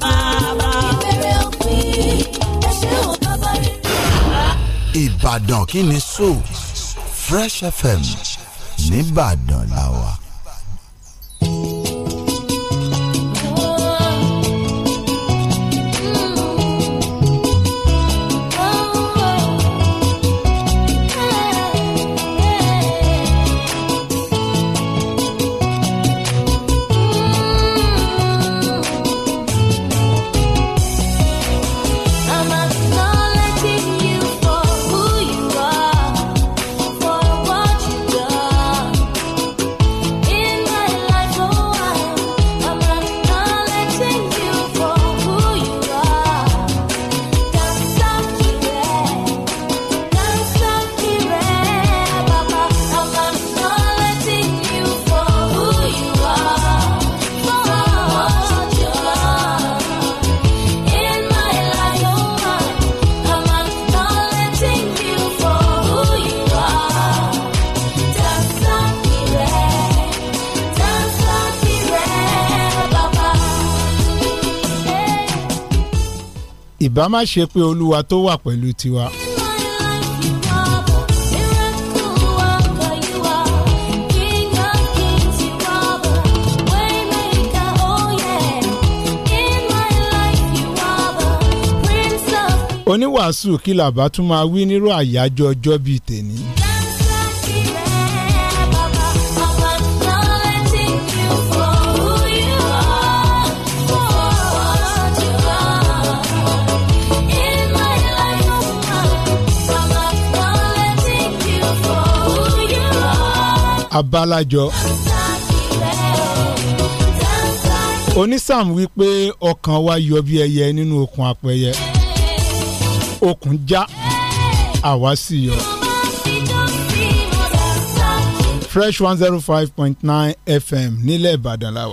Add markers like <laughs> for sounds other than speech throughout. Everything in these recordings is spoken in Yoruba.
bàbá. ìbéèrè òpin ẹ ṣé o bàbá rí. Ìbàdàn kí ni sọ Fresh FM nìbàdàn làwà. ìbá má ṣe pé olúwa tó wà pẹ̀lú tiwa. oníwàásù kí làbá tún máa wí nírú àyájọ́ ọjọ́ bíi tèmi. abálájọ. onísàm wípé ọkàn wa yọ bí ẹyẹ nínú okùn apẹyẹ okùn já àwa sì yọ. fresh one zero five point nine fm nílẹ̀ ìbàdàn la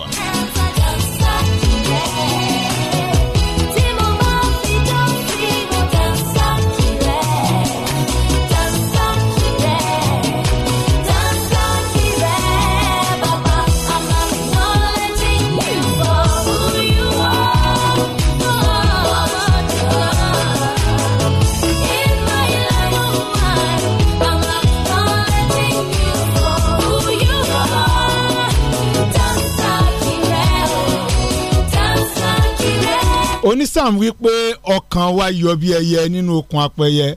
onísàm wípé ọkàn wa yọ bí ẹyẹ nínú okùn apẹyẹ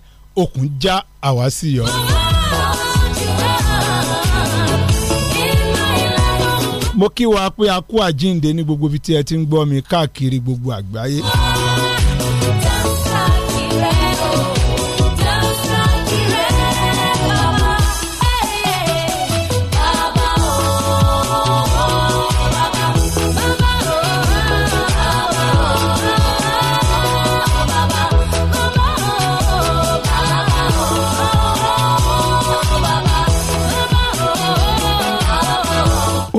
okùn já àwa sì yọ. mo kí wa pé a kú àjínde ní gbogbo ibi tí ẹ ti ń gbọ́ mi káàkiri gbogbo àgbáyé.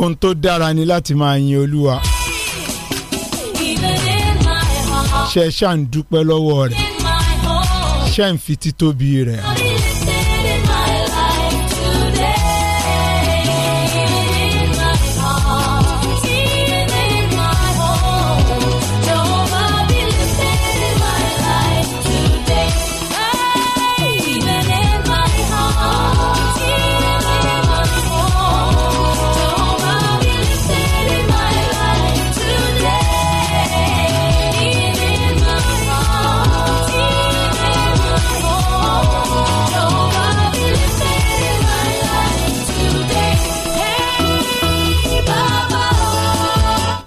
ohun tó dára ni láti máa yin olúwa ṣe ṣàǹdúpẹ́ lọ́wọ́ rẹ̀ ṣe ń fi títóbi rẹ̀ hàn.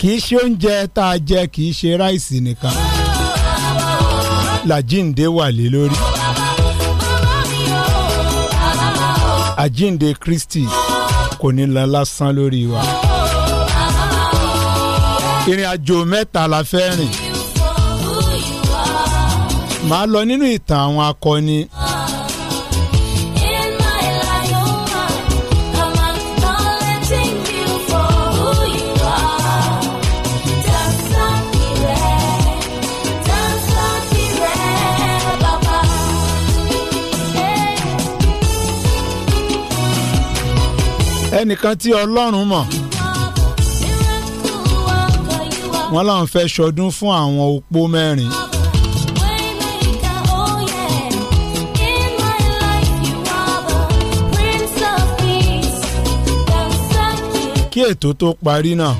kì í ṣe oúnjẹ tá a jẹ kì í ṣe ráìsì nìkan làjíǹde wà lé lórí àjíǹde Kristi kò ní lọ lásán lórí wa ìrìn àjò mẹ́ta la fẹ́ rìn màá lọ nínú ìtàn àwọn akọni. ẹnìkan tí ọlọ́run mọ̀ wọ́n láwọn fẹ́ ṣọdún fún àwọn opó mẹ́rin. kí ètò tó parí náà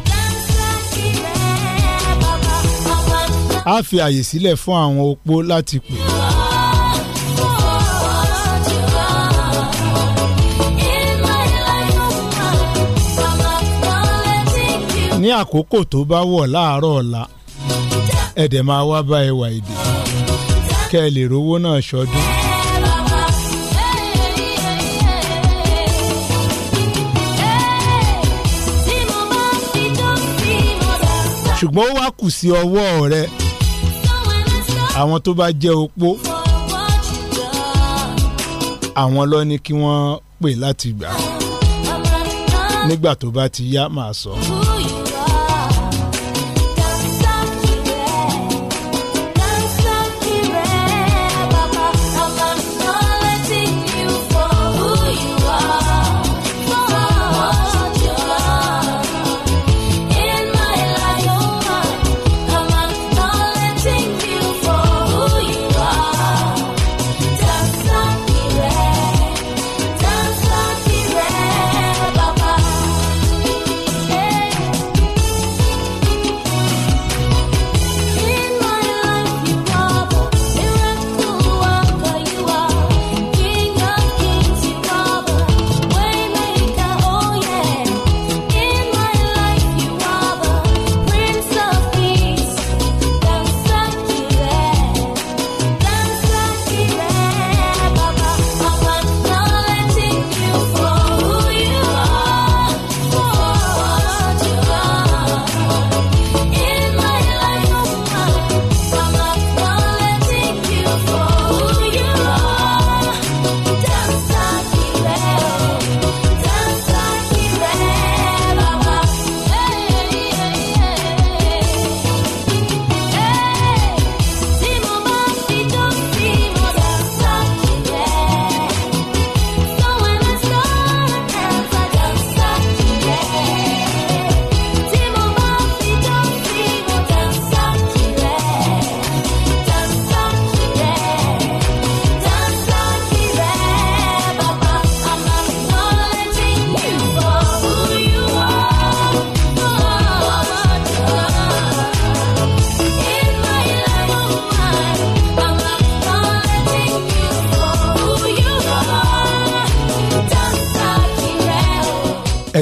á fi àyè sílẹ̀ fún àwọn opó láti pè é. ní àkókò tó bá wọ̀ láàárọ̀ ọ̀la ẹ̀dẹ̀ máa wá bá ẹwà èdè kẹ́ ẹ lè rówó náà ṣọdún. ṣùgbọ́n ó wá kù sí ọwọ́ rẹ àwọn tó bá jẹ́ opó àwọn lọ ni kí wọ́n pè láti gbà nígbà tó bá ti yá màá sọ. So.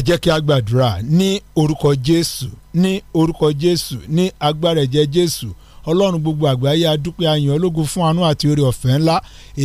jẹ́ kí a gbàdúrà ní orúkọ jésù ní orúkọ jésù ní agbára ẹ̀jẹ̀ jésù ọlọ́run gbogbo àgbáyé adúpẹ́ ayàn ológun fún àánú àti oore ọ̀fẹ́ ńlá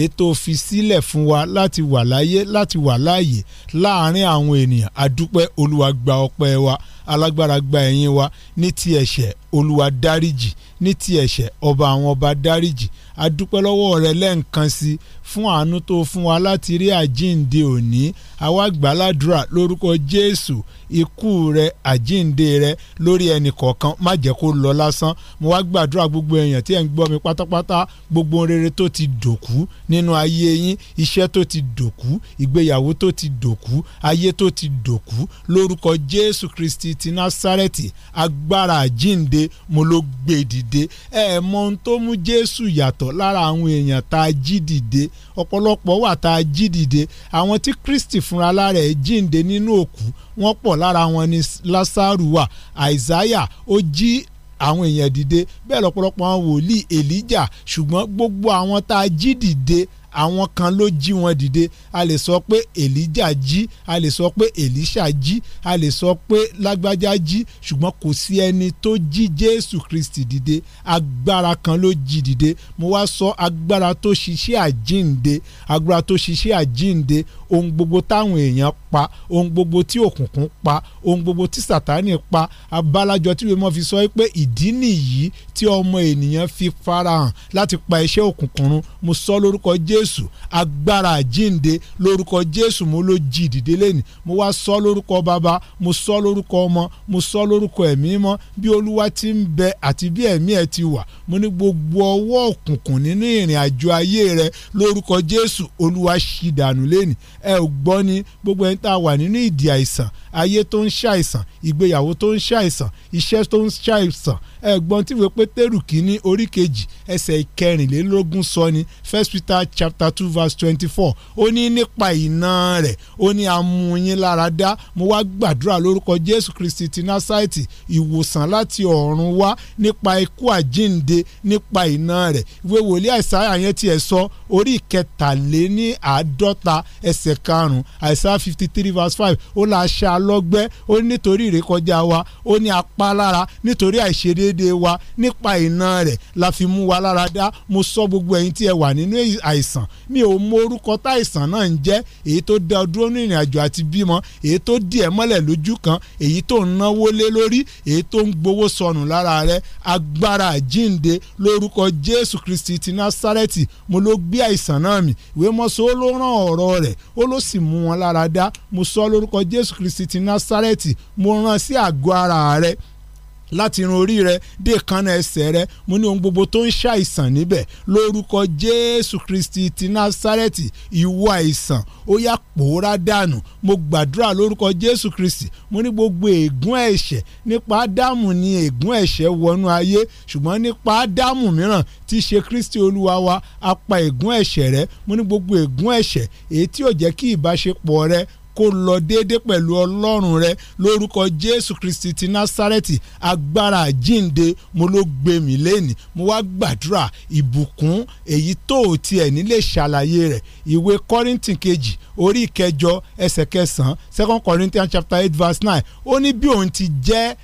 ètò fi sílẹ̀ fún wa láti wà láyé láti wà láàyè láàárín àwọn ènìyàn adúpẹ́ olúwa gba ọpẹ́ wa alágbára gba ẹ̀yìn wa ní ti ẹ̀ṣẹ̀ olúwa dáríjì ní ti ẹ̀ṣẹ̀ ọba àwọn ọba dáríjì adúpẹ́ lọ́wọ́ rẹ lẹ́ǹkan sí fún àánú tó fún wa láti rí àjíǹde òní àwa gbàládùra lórúkọ Jésù ikú rẹ àjíǹde rẹ lórí ẹnì kọ̀ọ̀kan má jẹ́ kó lọ lásán mo wá gbàdúrà gbogbo èèyàn tí ẹ̀ ń gbọ́ mi pátápátá gbogbo rere tó ti dòkú nínú ayé yín iṣẹ́ tó ti dòkú ìgbéyàwó tó ti dòkú ayé tó ti dòkú lórúkọ Jésù Kristi ti Násárẹ́tì agbára àjíǹde mo ló gbé dìde ohun tó mú Jésù yàtọ̀ pọ̀ lára àwọn èèyàn tá a jí dìde ọ̀pọ̀lọpọ̀ wà tá a jí dìde àwọn tí Kristi fúnra lára ẹ̀ jíǹde nínú òkú wọ́n pọ̀ lára wọn ni Lásárù wà Àìsáyà ó jí àwọn èèyàn dìde bẹ́ẹ̀ lọ́pọ̀lọpọ̀ àwọn wòlíì Èlíjà ṣùgbọ́n gbogbo àwọn tá a jí dìde àwọn kan ló jí wọn dìde a lè sọ pé Èlíjà jí a lè sọ pé Èlíṣà jí a lè sọ pé lágbájá jí ṣùgbọ́n kò sí ẹni tó jí Jésù Kristi dìde agbára kan ló jí dìde mo wá sọ agbára tó ṣiṣẹ́ àjínde agbára tó ṣiṣẹ́ àjínde ohun gbogbo táwọn èèyàn pa ohun gbogbo tí òkùnkùn pa ohun gbogbo tí Sátánì pa abalajọ tí wọ́n fi sọ pé ìdí nìyí tí ọmọ ènìyàn fi farahàn láti pa iṣẹ́ òkùnkùn mo sọ lórúkọ Jésù jésù agbára àjínde lórúkọ jésù mo ló jí ìdìde lẹ́nìí mo wá sọ lórúkọ bàbá mo sọ lórúkọ ọmọ mo sọ lórúkọ ẹ̀mí mọ́ bí olúwa ti ń bẹ àti bí ẹ̀mí ẹ̀ ti wà mo ní gbogbo ọwọ́ òkùnkùn nínú ìrìn àjò ayé rẹ lórúkọ jésù olúwa ṣì dànù lẹ́nìí ẹ ò gbọ́ ni gbogbo ẹni tá a wà nínú ìdí àìsàn ayé tó ń ṣàìsàn ìgbéyàwó tó ń ṣàìsàn iṣẹ́ tó ń ṣàìsàn ẹ̀gbọ́n tíwé pétérù kínní orí kejì ẹsẹ̀ ìkẹrìnlélógún sọ ni first peter chapter two verse twenty-four ó ní nípa ìná rẹ̀ ó ní amúyín lára dá mo wá gbàdúrà lórúkọ jésù kristi ti násáìtì ìwòsàn láti ọ̀run wá nípa ikú àjínde nípa ìná rẹ̀ ìwé wòlíì àìsàyà yẹn tiẹ̀ sọ orí ìkẹtàléní àádọ́ta ẹsẹ̀ karùn-ún àìsà fifty three verse five ó là ṣáà lọ́gbẹ́ ó ní nítorí ìrékọjá wa ó ní apá lára nítorí àìṣedéédé wa nípa ìná rẹ̀ la fi mú wa lára dá mo sọ gbogbo ẹ̀yin tí ẹ wà nínú àìsàn mi ò mọ orúkọ tá àìsàn náà ń jẹ́ èyí tó dá dúró ní ìrìn àjò àti bímọ èyí tó dì ẹ́ mọ́lẹ̀ lójú kan èyí tó ń náwó lé lórí èyí tó ń gbowó sọnù lára rẹ̀ agbára àjínde lórúkọ Jésù Kristi ti Násárẹ́tì mo ló gbé àìsàn náà mì ìwé mọ́sọ́ ó ló rán ọ̀rọ̀ rẹ̀ ó ló sì mú wọn lára dá mo sọ lórúkọ Jésù Kristi ti Násárẹ́tì mo rán sí àgọ́ ara rẹ láti irun orí rẹ dé kanna ẹsẹ̀ rẹ mo ní ohun gbogbo tó ń ṣàìsàn níbẹ̀ lórúkọ jésù kristi ti násárẹ́tì ìwọ àìsàn ó yá pòórá dànù mo gbàdúrà lórúkọ jésù kristi mo ní gbogbo ègún ẹ̀ṣẹ̀ nípa ádámù ni ègún ẹ̀ṣẹ̀ wọnú ayé ṣùgbọ́n nípa ádámù mìíràn tí í ṣe kristi olúwa wa apá ègún ẹ̀ṣẹ̀ rẹ mo ní gbogbo ègún ẹ̀ṣẹ̀ èyí tí ò jẹ́ kí ìbáṣepọ̀ rẹ kó lọ déédé pẹ̀lú ọlọ́run rẹ lórúkọ jésù kristi ti násárẹ́tì agbára àjínde mo ló gbé mi lẹ́nìí mo wá gbàdúrà ìbùkún èyí tó o tiẹ̀ nílé ṣàlàyé rẹ̀ ìwé kọ́rìntì kejì orí ìkẹjọ ẹsẹ̀ kẹsàn-án second corinthians chapter eight verse nine ó ní bí òun ti jẹ́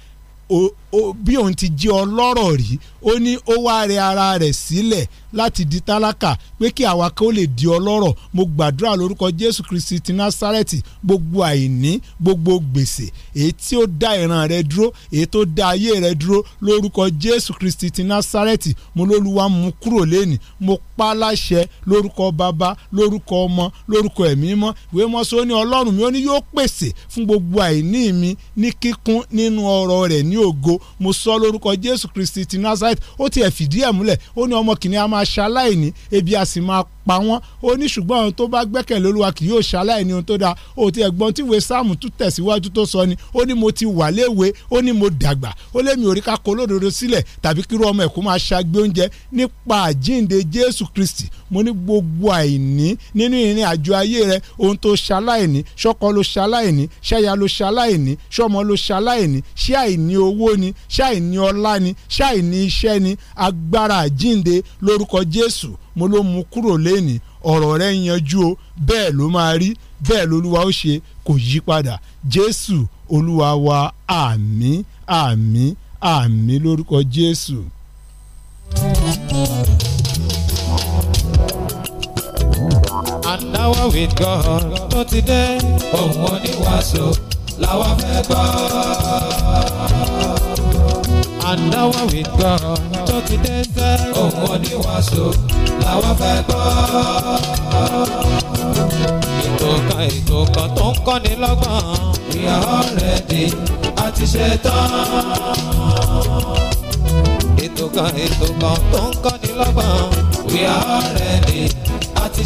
bí òun ti jẹ́ ọlọ́rọ̀ rí ó ní ó wá rẹ ara rẹ̀ sílẹ̀ láti di tálákà pé kí àwa kó lè di ọlọ́rọ̀ mo gbàdúrà lórúkọ Jésù Kristi ti Násárẹ́tì gbogbo àìní gbogbo gbèsè èyí tí ó dá ìran rẹ dúró èyí tó dá ayé rẹ dúró lórúkọ Jésù Kristi ti Násárẹ́tì mo lólúwa mú kúrò lẹ́nìí mo pa láṣẹ lórúkọ bàbá lórúkọ ọmọ lórúkọ ẹ̀mí mọ́ ìwé mọ́sọ́ ní ọlọ́run mi ó ní yóò pèsè fún gbogbo àìní mi ní kíkún nínú ọ̀rọ̀ rẹ̀ ní ògo mo sọ lórúkọ jésù kristi ti nazareth ó tiẹ̀ fìdí ẹ̀ múlẹ̀ ó ní ọmọ kìnìún a máa ṣaláìní ebi a sì máa pa wọ́n ó ní ṣùgbọ́n ohun tó bá gbẹ́kẹ̀lé olúwa kì yóò ṣaláìní ohun tó dáa ó ti ẹ̀gbọ́n tí ìwé sáàmù tún tẹ̀síwájú tó sọ ni ó ní mo ti wà léwe ó ní mo dàgbà ó lémi òrí ká kó lódodo sílẹ̀ tàbí kírú ọmọ ẹ̀kú máa ṣagbe oúnjẹ nípa àjíǹde jésù kristi mo ní gbogbo àìní nínú ìrìn àjò ayé rẹ ohun tó ṣaláìní ṣọkọ ló ṣaláìní ṣẹya ló ṣaláìní ṣọmọ ló ṣaláìní ṣé àìní owó ni ni ṣáì ní ọlá ni ṣáì ní iṣẹ́ ni agbára àjínde lórúkọ Jésù mo ló mú kúrò lẹ́ni ọ̀rọ̀ rẹ̀ yanjú o bẹ́ẹ̀ ló máa rí bẹ́ẹ̀ lolúwa ó ṣe kò yí padà Jésù olúwa wa àmín àmín àmín lórúkọ Jésù. Adáwọ̀ with God tó ti dé. Òun oníwàásù làwọn fẹ́ gbọ́ àdáwà wí gbọ́ tó ti dé sẹ́. òun oníwàásù làwọn fẹ́ gbọ́. ètò kan ètò kan tó ń kọ́ni lọ́gbọ̀n. ìyàwó rẹ̀ di a ti ètò kan ètò kan tó ń kọ́ni lọ́gbọ̀n. ìyàwó rẹ̀ di a ti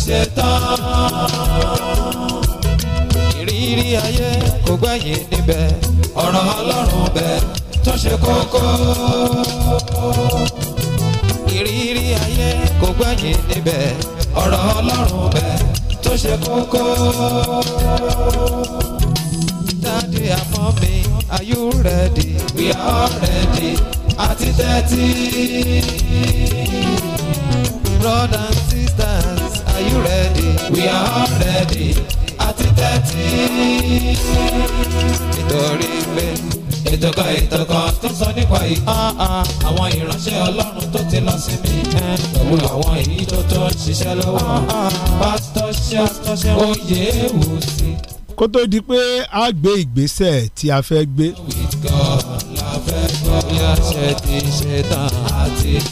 ìrírí ayé kò gbẹ̀yìn níbẹ̀ ọ̀rọ̀ ọlọ́run bẹ̀ tó ṣe kókó. ìrírí ayé kò gbẹ̀yìn níbẹ̀ ọ̀rọ̀ ọlọ́run bẹ̀ tó ṣe kókó. Daddy and mommy, are you ready? We are ready àti tẹ́tí. Brothers and sisters, are you ready? We are ready àti tẹ́tí. nítorí pé ìtọ́kọ ìtọ́kọ tó sọ nípa ìhà àwọn ìránṣẹ́ ọlọ́run tó ti lọ sí mi pẹ̀lú àwọn èyí tó tó ń ṣiṣẹ́ lọ́wọ́ pásítọ̀ ṣe oyè wò sí. kó tó di pé a gbé ìgbésẹ̀ tí a fẹ́ gbé. with God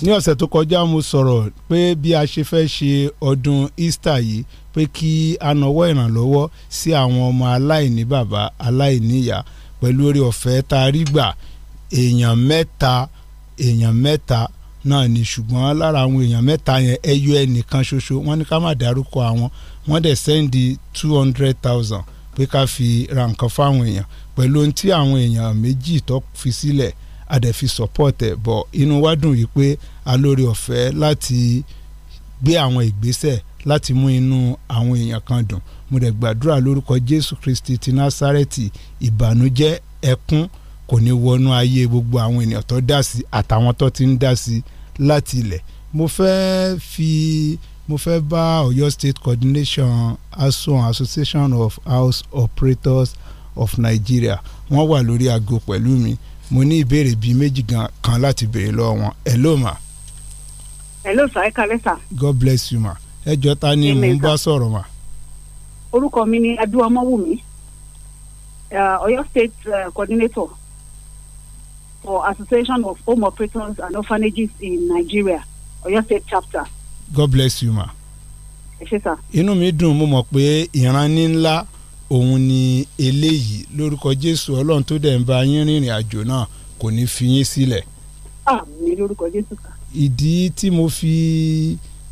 ní ọ̀sẹ̀ tó kọjá mo sọ̀rọ̀ pé bí a ṣe fẹ́ ṣe ọdún Easter yìí pé kí a nawọ́ ìrànlọ́wọ́ sí àwọn ọmọ aláìní bàbá aláìní ìyá pẹ̀lú orí ọ̀fẹ́ tá a rí gbà èèyàn mẹ́ta èèyàn mẹ́ta náà ni ṣùgbọ́n lára àwọn èèyàn mẹ́ta yẹn ẹyọ ẹnìkan ṣoṣo wọ́n ní ká má dárúkọ àwọn wọ́n dẹ̀ sẹ́ndí two hundred thousand pé ká fi ra nǹkan fáwọn èèyàn pẹ̀lú ohun tí àwọn èèyàn méjì tó fi sílẹ̀ àdẹ̀fi support ẹ̀ bọ̀ inú wa dùn yìí pé a lórí ọ̀fẹ́ láti gbé àwọn ìgbésẹ̀ láti mú inú àwọn èèyàn kan dùn mo dẹ̀ gbàdúrà lórúkọ Jésù Kristi ti Násárẹ́tì ìbànújẹ́ ẹkún kò ní wọnú ayé gbogbo àwọn ènìyàn tó dá sí àtàwọn tó ti ń dá sí láti ilẹ̀ mo fẹ́ fi mo fẹ́ bá Ọ̀yọ́ State Coordination ASON Association of House Operators of Nigeria wọ́n wà lórí aago pẹ̀lú mi mo ní ìbéèrè bíi méjì kan láti béèrè lọ́wọ́ wọn hello ma. hello sir ẹ kalẹ́ sir. God bless you ma ẹ jọ ta ni mò ń bá sọ̀rọ̀ ma. orúkọ mi ni adu ọmọwùmí uh, Ọ̀yọ́ State uh, coordinator for Association of Home Operators and Orphanages in Nigeria Ọ̀yọ́ State chapter. God bless you ma. ẹ ṣé sà. inú mi dùn mo mọ̀ pé ìran ní ńlá òun ni eléyìí lórúkọ Jésù Ọlọ́run tó dẹ̀ ń bá yín rìnrìn àjò náà kò ní fi yín sílẹ̀. àmì lórúkọ Jésù ká. ìdí tí mo fi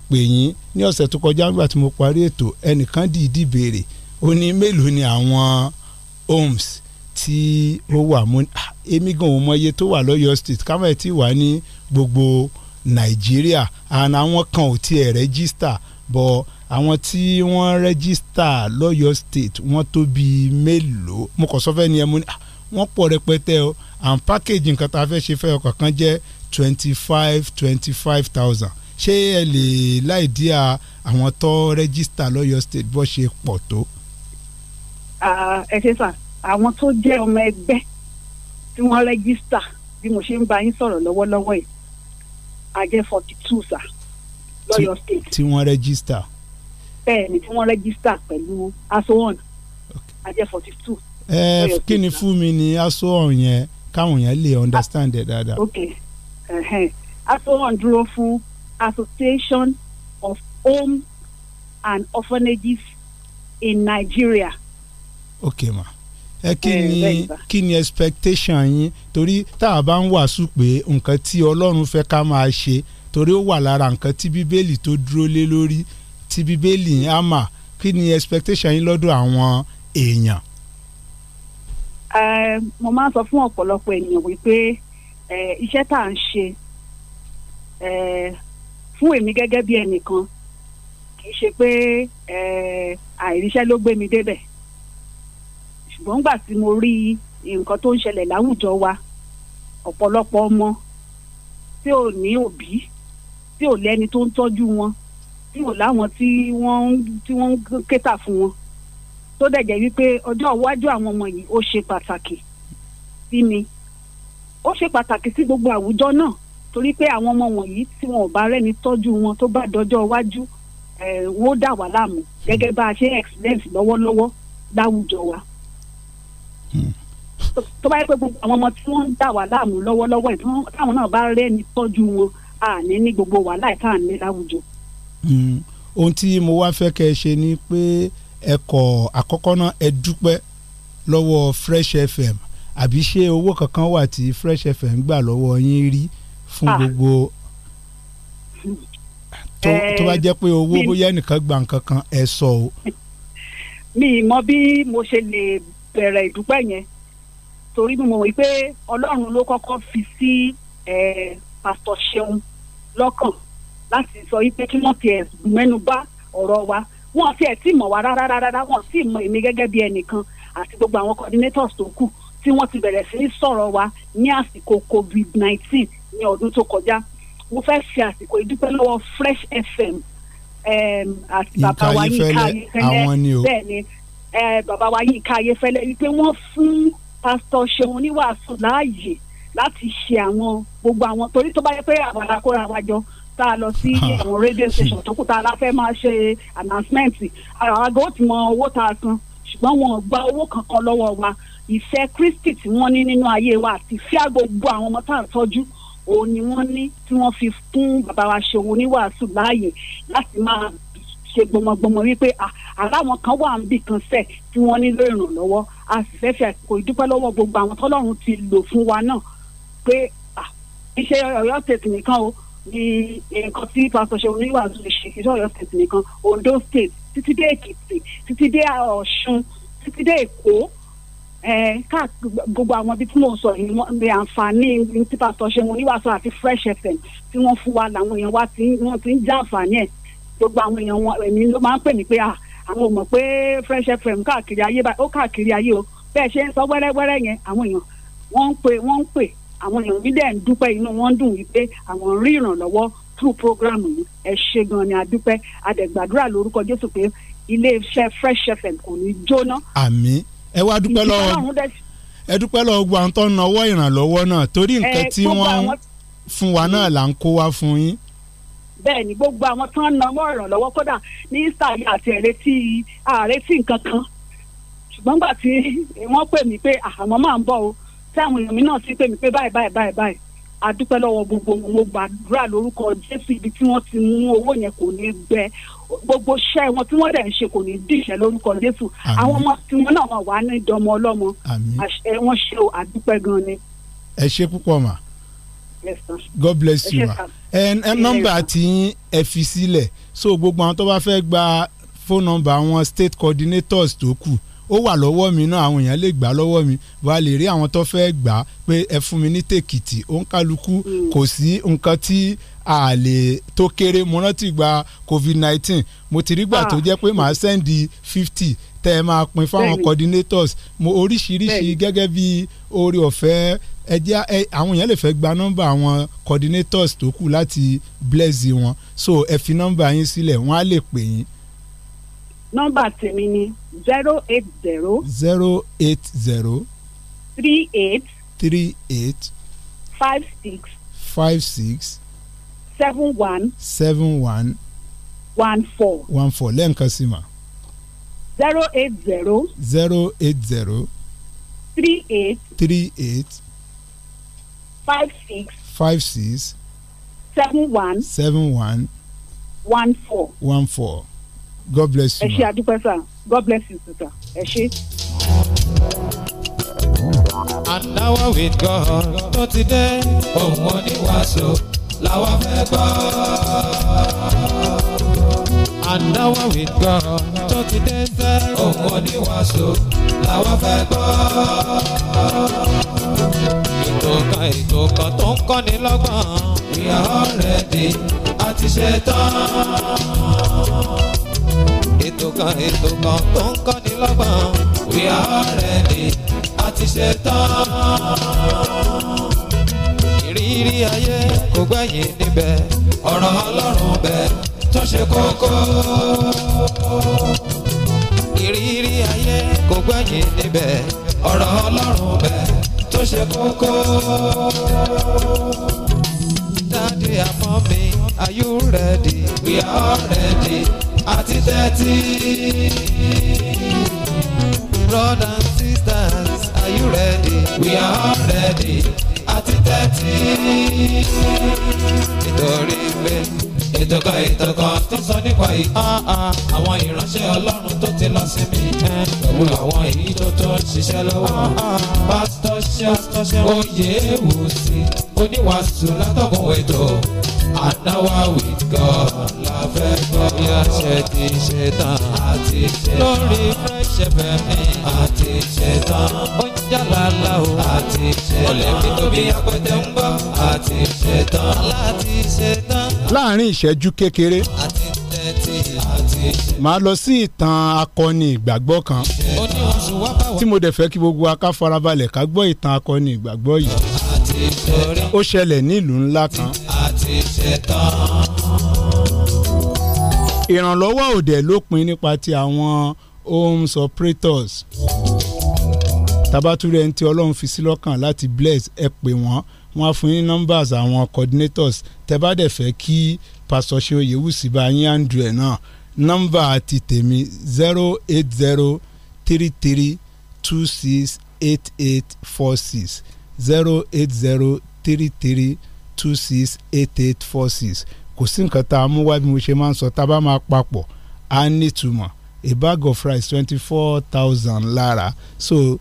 pè yín ní ọ̀sẹ̀ tó kọjá nígbà tí mo parí ètò ẹnìkan dìídì béèrè ó ní mélòó ni àwọn homes tí ó wà mú ah, èmi gan ò mọ iye tó wà lọ́yọ̀ state kámẹ́ wà ní gbogbo nàìjíríà and àwọn kan ò tiẹ̀ rẹ́gísítà bọ̀ àwọn tí wọ́n rẹ́gísítà lọ́yọ̀ state wọ́n tó bíi mélòó mo kàn sọ fẹ́ ni ẹ mo ní ah, wọ́n pọ̀ rẹpẹtẹ o and package nǹkan tá a fẹ́ ṣe fẹ́ ọkọ̀ kan jẹ́ twenty five twenty five thousand ṣé ẹ lè láì dí àwọn tó rẹ́gísítà lọ́yọ̀ state bó ṣe pọ̀ tó. ẹ ṣe sà àwọn tó jẹ́ ọmọ ẹgbẹ́ tí wọ́n rẹ́gísítà bí mo ṣe ń bá yín sọ̀rọ̀ lọ́wọ́lọ́wọ́ yìí a jẹ́ forty two sà lọ́yọ̀ state. tí wọ́n rẹ́gísítà. bẹ́ẹ̀ni tí wọ́n rẹ́gísítà pẹ̀lú aso one a jẹ́ forty two. ẹ kí ni fún mi ní aso one yẹn káwọn yẹn lè understand ẹ dáadáa. ok uh-huh. aso one dúró fún association of homes and orphanages in Nigeria. ok ma ẹ kí ni kí ni expectation yín torí tá a bá ń wàásù pé nǹkan tí ọlọ́run fẹ́ ká máa ṣe torí ó wà lára nǹkan tí bíbélì tó dúró lé lórí tí bíbélì ń àmà kí ni expectation yín lọ́dọ̀ àwọn èèyàn. mo máa ń sọ fún ọ̀pọ̀lọpọ̀ ènìyàn wípé iṣẹ́ tá à ń ṣe fún èmi gẹ́gẹ́ bí ẹnìkan kì í ṣe pé àìríṣẹ́ ló gbé mi débẹ̀ ṣùgbọ́n gbà tí mo rí nǹkan tó ń ṣẹlẹ̀ láwùjọ wa ọ̀pọ̀lọpọ̀ ọmọ tí ò ní òbí tí ò lẹ́ni tó ń tọ́jú wọn tí ò láwọn tí wọ́n tí wọ́n ń kétà fún wọn tó dẹ̀ jẹ́ wípé ọjọ́ iwájú àwọn ọmọ yìí ó ṣe pàtàkì sí mi ó ṣe pàtàkì sí gbogbo àwùjọ náà torí pé àwọn ọmọ wọ̀nyí tí wọn ò bá rẹ́ni tọ́jú wọn tó bá dọjọ́ iwájú wọn ó dà wá láàmú gẹ́gẹ́ bá a ṣe excellence lọ́wọ́lọ́wọ́ láwùjọ wa tó bá yẹ pé gbogbo àwọn ọmọ tí wọ́n ń dà wá láàmú lọ́wọ́lọ́wọ́ ẹ̀ táwọn náà bá rẹ́ni tọ́jú wọn àní ní gbogbo wàhálà ẹ̀ káà ní láwùjọ. Hmm. ohun tí mo wá fẹ́ kẹ́ ẹ ṣe ni pé ẹ̀kọ́ àkọ́kọ́ náà ẹ dúpẹ́ lọ́wọ́ Fresh FM àbí ṣé owó kankan wà tí Fresh FM gbà lọ́wọ́ yín rí fún ah. gbogbo tó bá eh, jẹ́ pé owó bóyá ẹnìkan gbà nǹkan kan ẹ sọ o. <laughs> mi mọ bí mo ṣe lè bẹ̀rẹ̀ ìdúpẹ́ yẹn torí mo wí pé ọlọ́run ló kọ́kọ́ fi sí pásítọ̀ ṣeun lọ́kàn láti sọ wípé kí wọ́n ti mẹ́nu bà ọ̀rọ̀ wa wọ́n tiẹ̀ tí mọ̀ wá rárá rárá wọ́n sì mọ̀ èmi gẹ́gẹ́ bí ẹnìkan àti gbogbo àwọn coordinators tó kù tí wọ́n ti bẹ̀rẹ̀ sí sọ̀rọ̀ wa ní àsìkò covid nineteen ní ọdún tó kọjá mo fẹ́ ṣe àsìkò ìdúpẹ́ lọ́wọ́ fresh fm àti bàbá wa yíká ayífẹ́lẹ́ bẹ́ẹ̀ ni bàbá wa Yínká Ayéfẹ́lẹ́ wípé wọ́n fún pásítọ̀ Ṣeun Oníwàásù láàyè láti ṣe àwọn gbogbo àwọn torí tó bá yẹ pé àwọn akóra wa jọ tá a lọ sí ah. àwọn radio station tó kù tá a la fẹ́ máa ṣe announcement àwọn àgọ́ ti mọ owó tá a san ṣùgbọ́n wọn gba owó kankan lọ́wọ́ wa ìfẹ́ Kristi tí wọ́n ní nínú ayé wa àti fíà gbogbo àwọn ọmọ tá à ń òun ni wọ́n ní tí wọ́n fi fún bàbá wa Ṣeun Oníwàásù láàyè láti máa ṣe gbọmọgbọmọ wípé aláwọn ah, kan wà níbì kan sẹ̀ tí wọ́n nílò ìrànlọ́wọ́ a sì fẹ́ fi àsìkò ìdúpẹ́ lọ́wọ́ gbogbo àwọn tọ́lọ́run ti lò fún wa náà pé ah, iṣẹ́ Ọ̀yọ́ state nìkan o ni nǹkan tí pásítọ̀ ṣe oníwàásù ṣe iṣẹ́ Ọ̀yọ́ state nìkan Ondo state títí dé Èkìtì títí dé Ọ̀ṣun títí dé Èkó káàkiri gbogbo àwọn ibi tí mò ń sọ yìí wọ́n ní àǹfààní tí pásítọ̀ ṣe oníwàásù àti Fresh FM tí wọ́n fún wa làwọn èèyàn wa ti ń jàǹfààní ẹ̀ gbogbo àwọn èèyàn wọn èmi ló máa ń pè mí pé ah, àwọn ò mọ̀ pé Fresh FM káàkiri ayé báyìí ó káàkiri ayé o bẹ́ẹ̀ ṣe ń sọ wẹ́rẹ́wẹ́rẹ́ yẹn àwọn èèyàn wọ́n ń pè wọ́n ń pè àwọn èèyàn mi dẹ̀ ń dúpẹ́ inú wọn dùn wípé àwọn rí ìrànlọ́wọ́ through program yìí ẹ ṣe gan ni àdúpẹ́ àdẹ̀gbàdúrà lórúkọ Jésù pé iléeṣẹ́ Fresh FM kò ní jóná. àmín ẹ wá dúpẹ́ lọ́wọ́ ẹ dúpẹ́ lọ́wọ́ gbọ́ àwọn tó ń nawọ́ ìrànlọ́wọ́ náà torí nǹkan tí wọ́n fún wa náà là ń kó wá fún yín bẹ́ẹ̀ ni gbogbo àwọn tán náwó ìrànlọ́wọ́ kódà ní sàyà àti ẹ̀rẹ́tì àrètí nǹkan kan ṣùgbọ́n gbà tí wọ́n pè mí pé àwọn máa ń bọ̀ o tí àwọn èèyàn mi náà sì pè mí pé báyìí báyìí báyìí báyìí a dúpẹ́ lọ́wọ́ gbogbo mo gbàdúrà lórúkọ Jésù ibi tí wọ́n ti mú owó yẹn kò ní gbẹ gbogbo iṣẹ́ wọn tí wọ́n dẹ̀ ń ṣe kò ní dìṣẹ́ lórúkọ Jésù àwọn ọmọ tí wọ́n náà wà ní ìdánmọ́ ọlọ́mọ wọn ṣe o a dúpẹ́ gan ni. ẹ ṣe púpọ̀ mà. God bless you ma ẹ nọ́mbà tí ẹ fi sílẹ̀ so gbogbo àwọn tó bá fẹ́ gba phone number àwọn state coordinators tó kù ó wà lọ́wọ́ mi náà àwọn èèyàn lè gbà lọ́wọ́ mi wà lè rí àwọn tó fẹ́ gbà á pé ẹ fún mi ní tèkìtì òǹkàlùkù mm. kò sí nǹkan tí a lè tó kéré mo rántí gba covid nineteen mo ti rí gbà tó ah. jẹ́ pé màá sẹ́ndì fifty tẹ́ ẹ máa pín fáwọn coordinators mo oríṣiríṣi gẹ́gẹ́ bí oore ọ̀fẹ́ ẹ jẹ́ àwọn èèyàn lè fẹ́ gba nọ́mbà àwọn coordinators tó kù láti bless wọn so ẹ fi nọ́mbà yín sílẹ̀ wọ́n á lè pè yín. nọ́mbà tèmi ni zero eight zero. zero eight zero. three eight. three eight. five six. five six. seven one. seven one. one four. one four lẹ́ǹkan sí ma. zero eight zero. zero eight zero. three eight. three eight. five six five six seven one seven one one four one four God bless you. Ẹ ṣe sir God bless you sister ẹ ṣe. Adáwọ̀ with God tó ti dé òun oníwàásù làwọn fẹ́ gbọ́ adáwà with God tó ti dé sẹ́. òun oníwàásù làwọn fẹ́ gbọ́. ìtòkà ìtòkà tó ń kọ́ni lọ́gbọ̀n. ìyàwó rẹ̀ di àti ṣe tán. ìtòkà ìtòkà tó ń kọ́ni lọ́gbọ̀n. ìyàwó rẹ̀ di àti ṣe tán. ìrírí ayé kò gbẹ̀yìn níbẹ̀ ọ̀rọ̀ ọlọ́run bẹ̀ tó ṣe kókó ìrírí ayé kò gbẹ̀yìn níbẹ̀ ọ̀rọ̀ ọlọ́run bẹ̀ tó ṣe kókó. Daddy and mommy, are you ready? We are all ready. Àti tẹ́tí. Brothers and sisters, are you ready? We are all ready. Àti tẹ́tí. Nítorí pé ètò kan ètò kan tó sọ nípa ìhà ah, ah, àwọn ìránṣẹ́ ọlọ́run tó ti lọ sí mi pẹ̀lú àwọn èyí tó tó ń ṣiṣẹ́ lọ́wọ́ pásítọ̀. Ah, oyè wò sí oníwàásù látọ̀kùn ètò adáwáwí gan la fẹ́ gbọ́ bí a ṣe ti ṣe tán àti ṣe tán lórí Fresh FM àti ṣe tán ó o àti ṣe tán olè tóbi apẹtẹ ń gbọ́ àti ṣe tán láti ṣe tán. láàárín ìṣẹ́jú kékeré màá lọ sí ìtàn akọni ìgbàgbọ́ kan tí mo dẹ̀ fẹ́ kí gbogbo wa farabalẹ̀ ká gbọ́ ìtàn akọni ìgbàgbọ́ yìí ó ṣẹlẹ̀ nílùú ńlá kan ìrànlọ́wọ́ òde lópin nípa ti àwọn homes operators tabatúrẹ́ ẹni tí ọlọ́run fi sí lọ́kàn láti bless ẹ pè wọ́n wọ́n á fún yín numbers àwọn coordinators tẹ́ bá dẹ̀ fẹ́ kí pásọ ṣe oyèwùsì bá yín àǹdù ẹ̀ náà nọ́mbà ti tèmi zero eight zero three three two six eight eight four six zero eight zero three three two six eight eight four six kò sí nǹkan tá a mú wá bí mo ṣe máa ń sọ tá a bá máa papọ̀ a ní a bag of rice twenty four thousand lára so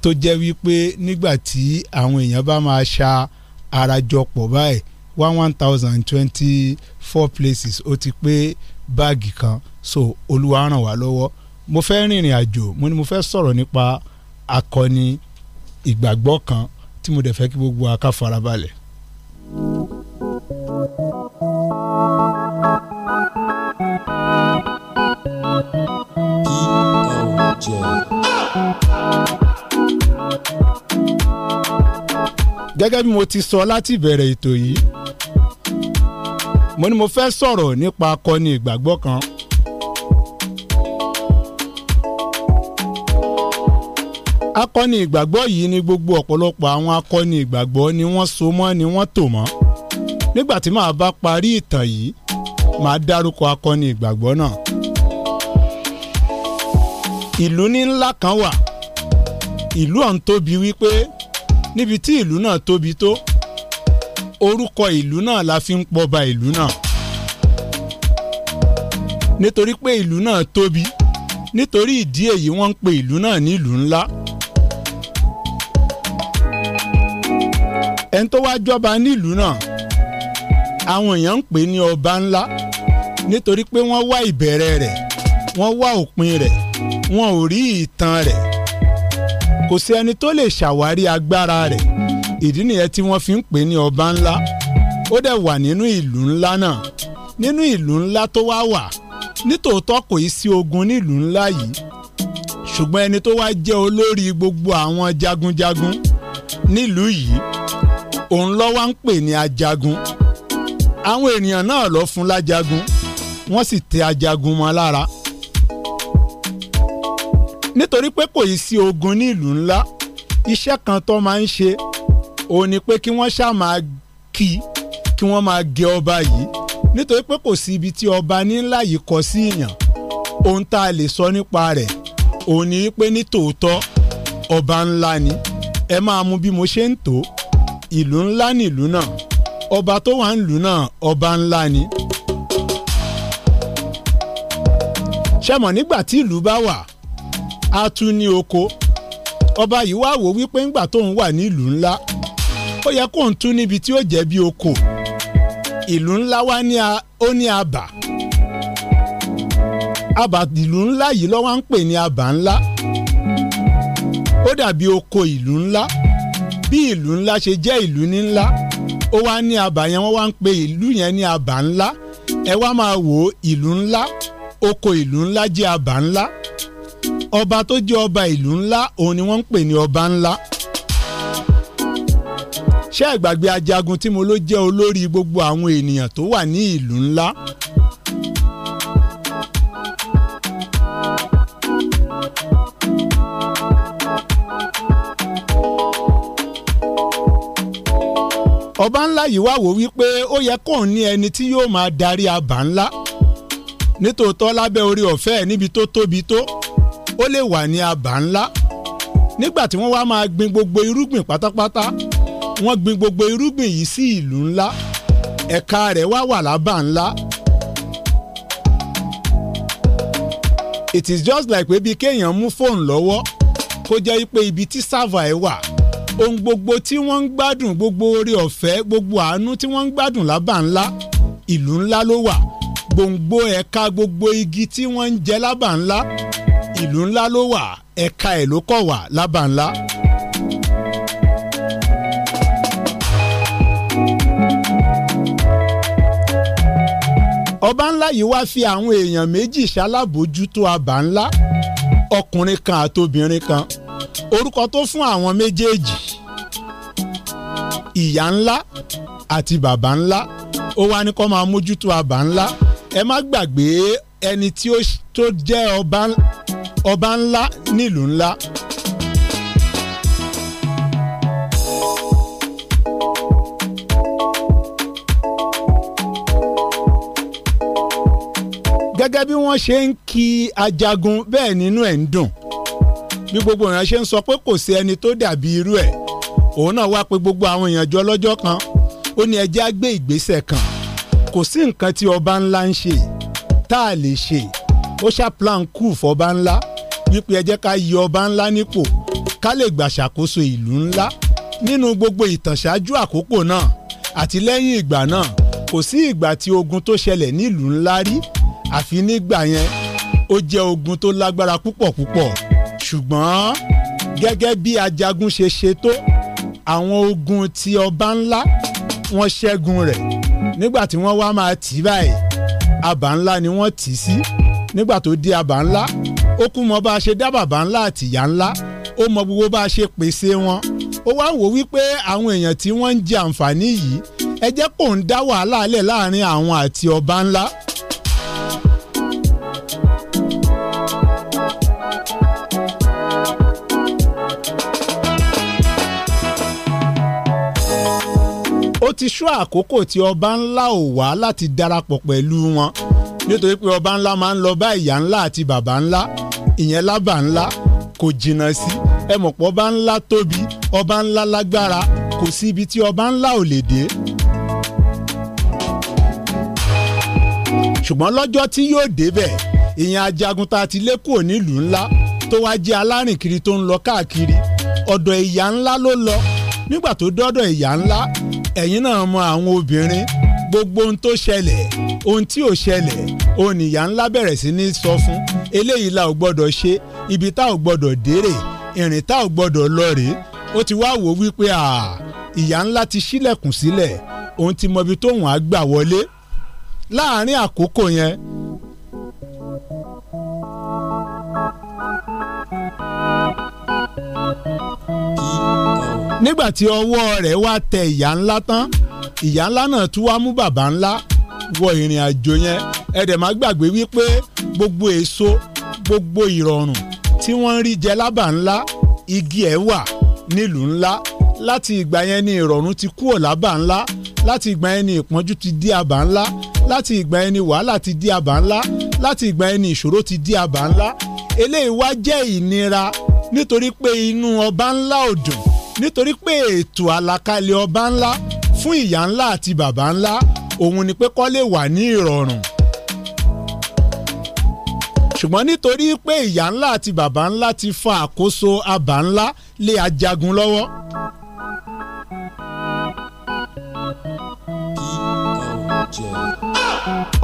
tó jẹ́ wípé nígbà tí àwọn èèyàn bá máa ṣa ara jọ pọ̀ báyìí one one thousand twenty four places ó ti pé báàgì kan so olúwa ràn wá lọ́wọ́ mo fẹ́ rìnrìn àjò mo ní mo fẹ́ sọ̀rọ̀ nípa akọni ìgbàgbọ́ kan tí mo dẹ̀ fẹ́ kí gbogbo aká farabalẹ̀. gẹ́gẹ́ bí mo ti sọ láti ìbẹ̀rẹ̀ ètò yìí mo ní mo fẹ́ sọ̀rọ̀ nípa akọni ìgbàgbọ́ kan. akọni ìgbàgbọ́ yìí ni gbogbo ọ̀pọ̀lọpọ̀ àwọn akọni ìgbàgbọ́ ni wọ́n so mọ́ ni wọ́n tò mọ́ nígbà tí màá bá parí ìtàn yìí màá dárúkọ akọni ìgbàgbọ́ náà. ìlú ní ńlá kan wà ìlú ọ̀hún tóbi wípé níbi tí ìlú náà tóbi tó. Tó orúkọ ìlú náà la fi ń pọba ìlú náà nítorí pé ìlú náà tóbi nítorí ìdí èyí wọ́n ń pe ìlú náà ní ìlú ńlá. ẹni tó wá jọba nílùú náà àwọn èèyàn ń pè ní ọba ńlá nítorí pé wọ́n wá ìbẹ̀rẹ̀ rẹ̀ wọ́n wá òpin rẹ̀ wọn ò rí ìtàn rẹ̀ kò sí ẹni tó lè ṣàwárí agbára rẹ̀ ìdí nìyẹn tí wọ́n fi ń pè ní ọba ńlá ó dẹ̀ wà nínú ìlú ńlá náà nínú ìlú ńlá tó wá wà nítòótọ́ kò í sí ogun nílùú ńlá yìí ṣùgbọ́n ẹni tó wá jẹ́ olórí gbogbo àwọn jagunjagun nílùú yìí òun ló wá ń pè ní ajagun àwọn ènìyàn náà lọ fún lájagun wọ́n sì tẹ ajagun mọ́ lára nítorí pé kò í sí ogun nílùú ńlá iṣẹ́ kan tó máa ń ṣe òun ni pé kí wọ́n ṣáà máa kí kí wọ́n máa gé ọba yìí nítorí pé kò sí ibi tí ọba nílà yìí kọ sí èèyàn ohun tá a lè sọ nípa rẹ̀ òun ni pé ní tòótọ́ ọba ńlá ni ẹ máa mú bí mo ṣe ń tó ìlú ńlá nìlú náà ọba tó wà nílùú náà ọba ńlá ni. ṣẹ́mọ̀ nígbà tí ìlú bá wà á tún ní oko ọba yìí wá wò wípé ńgbà tóun wà nílùú ńlá ó yẹ kó ń tún níbi tí ó jẹ́ bí oko ìlú ńlá wa ní a ó ní abà abà ìlú ńlá yìí lọ́wọ́ ń pè ní abà ńlá ó dàbí oko ìlú ńlá bí ìlú ńlá ṣe jẹ́ ìlú ní ńlá ó wá ní abà yẹn wọ́n wá ń pe ìlú yẹn ní abà ńlá ẹ wá máa wò ìlú ńlá oko ìlú ńlá jẹ́ abà ńlá ọba tó jẹ́ ọba ìlú ńlá òun ni wọ́n ń pè ní ọba ńlá ṣé àgbàgbé ajagun tí mo ló jẹ́ olórí gbogbo àwọn ènìyàn tó wà ní ìlú ńlá. ọba ńlá yìí wá wò wípé ó yẹ kóun ní ẹni tí yóò máa darí abà ńlá nítòótọ́ lábẹ́ orí ọ̀fẹ́ níbi tó tóbi tó ó lè wà ní abà ńlá nígbà tí wọ́n wá máa gbin gbogbo irúgbìn pátápátá wọ́n gbin gbogbo irúgbìn yìí sí ìlú ńlá ẹ̀ka rẹ̀ wá wà lábà ńlá. it is just like pé bí kéèyàn mú fóònù lọ́wọ́ kó jẹ́ pé ibi tí sáfà ẹ̀ wà ohun gbogbo tí wọ́n ń gbádùn gbogbo oore ọ̀fẹ́ gbogbo àánú tí wọ́n ń gbádùn lábà ńlá ìlú ńlá ló wà gbòǹgbò ẹ̀ka gbogbo igi tí wọ́n ń jẹ lábà ńlá ìlú ńlá ló wà ẹ̀ka ẹ̀ ló kọ̀ wà lábà ńlá. ọba ńlá yìí wá fi àwọn èèyàn méjì ṣalábòójútó àbá ńlá ọkùnrin kan àtobìnrin kan orúkọ tó fún àwọn méjèèjì ìyá ńlá àti bàbá ńlá ó wá ní kó máa mójútó àbá ńlá ẹ má gbàgbé ẹni tí ó jẹ́ ọba ńlá nílùú ńlá gẹ́gẹ́ bí wọ́n ṣe ń kí ajagun bẹ́ẹ̀ nínú ẹ̀ ń dùn bí gbogbo èèyàn ṣe ń sọ pé kò sí ẹni tó dàbí irú ẹ̀ òun náà wá pé gbogbo àwọn èèyàn jọ lọ́jọ́ kan ó ní ẹjẹ́ á gbé ìgbésẹ̀ kan kò sí nǹkan tí ọba ńlá ń ṣe tá a lè ṣe ó ṣá plan kù fọba ńlá wípé ẹjẹ́ ká yí ọba ńlá nípò ká lè gbàṣàkóso ìlú ńlá nínú gbogbo ìtànṣáájú àkókò náà àti lẹ́yìn ìgbà náà kò sí ìgbà tí ogun tó ṣẹlẹ̀ nílùú ńlá rí àfi nígbà yẹn ó jẹ́ ogun tó lágbára púpọ̀ púpọ̀ ṣùgbọ́n gẹ́gẹ́ bí ajagun ṣe ṣe tó àwọn ogun ti ọba ńlá wọ́n ṣẹ́gun rẹ̀ nígbà tí wọ́n wá máa tì í báyìí abà ńlá ni wọ́n tì í sí nígbà tó di abà ńlá ó kú mọ bá a ṣe dá bàbá ńlá àtìyá ńlá ó mọ gbogbo bá a ṣe pèsè wọn ó wá wò wípé àwọn èèyàn tí wọ́n ń jẹ àǹfààní yìí ẹ jẹ́ kó ń dá wàhálà lẹ̀ láàrin àwọn àti ọba ńlá ó ti ṣú àkókò tí ọba ńlá ò wá láti darapọ̀ pẹ̀lú wọn nítorí pé ọba ńlá máa ń lọ bá ìyá ńlá àti bàbá ńlá ìyẹn lábà ńlá kò jìnnà sí ẹ mọ̀ pé ọba ńlá tóbi ọba ńlá lágbára kò sí ibi tí ọba ńlá ò lè dé. ṣùgbọ́n lọ́jọ́ tí yóò débẹ̀ ìyẹn ajagun tá ti lé kúrò nílùú ńlá tó wáá jẹ́ alárìnkiri tó ń lọ káàkiri ọ̀dọ̀ ìyá ńlá ló lọ nígbà tó dọ́dọ̀ ìyá ńlá ẹ̀yin náà mọ àwọn obìnrin gbogbo ohun tó ṣẹlẹ̀ ohun tí ò ṣẹlẹ̀ ohun ìyá ńlá bẹ̀rẹ̀ sí ní sọ fún eléyìí la ò gbọ́dọ̀ ṣe ibi tá ò gbọ́dọ̀ dérè ìrìn tá ò gbọ́dọ̀ lọ rèé ó ti wá wò wípé ìyá ńlá ti ṣílẹ̀kùn sílẹ̀ òun ti mọbi tóun á gbà wọlé láàárín àkókò yẹn nígbà tí ọwọ́ rẹ̀ wá tẹ ìyá ńlá tán ìyá ńlá náà tún wá mú bàbá ńlá wọ ìrìn àjò yẹn ẹ dẹ̀ má gbàgbé wípé gbogbo èso gbogbo ìrọ̀rùn tí wọ́n ń rí jẹ lábà ńlá igi ẹ̀ wà nílùú ńlá láti ìgbà yẹn ni ìrọ̀rùn ti kúrò lábà ńlá láti ìgbà yẹn ni ìpọ́njú ti dí àbà ńlá láti ìgbà yẹn ni wàhálà ti dí àbà ńlá láti ìgbà yẹn ni ìṣòro ti dí àbà ńlá eléyìí wá jẹ́ ìnira nítorí pé inú ọba ńlá ò dùn nítorí pé ètò àlàkalẹ̀ ọba ńlá fún ìyá ńlá àti bàbá ńlá òun ni pé kó lè wà ní ìrọ̀rùn ṣùgbọ́n nítorí pé ìyá ńlá àti bàbá ńlá ti fa àkóso àbá ńlá lé ajagun lọ́wọ́. p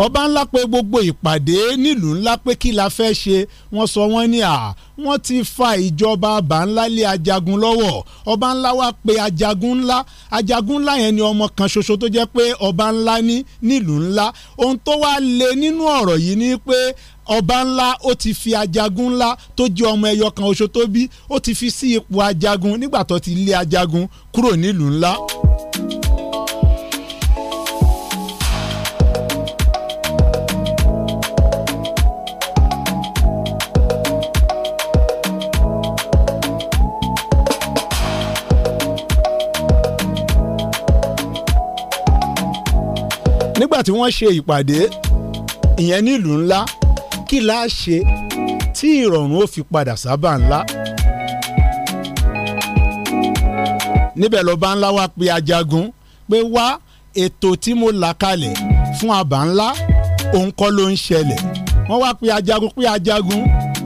ọba ńlá pé gbogbo ìpàdé nílùú ńlá pé kí la fẹ́ ṣe wọ́n sọ wọ́n ní à wọ́n ti fa ìjọba bàbá ńlá lé ajagun lọ́wọ́ ọba ńlá wá pé ajagun ńlá ajagun ńlá yẹn ni ọmọ kan ṣoṣo tó jẹ́ pé ọba ńlá ní nílùú ńlá ohun tó wá le nínú ọ̀rọ̀ yìí ni pé ọba ńlá ó ti fi ajagun ńlá tó jẹ ọmọ ẹyọ kan oṣù tó bí ó ti fi sí ipò ajagun nígbà tó ti lé ajagun kúrò nílùú ńlá. nígbà tí wọ́n ṣe ìpàdé ìyẹn nílùú ńlá kí la ṣe tí ìrọ̀rùn ó fi padà sábà ńlá. níbẹ̀ lọ́ba ńlá wá pe ajagun pé wá ètò tí mo là kalẹ̀ fún àbá ńlá òun kọ́ ló ń ṣẹlẹ̀ wọ́n wá pe ajagun pé ajagun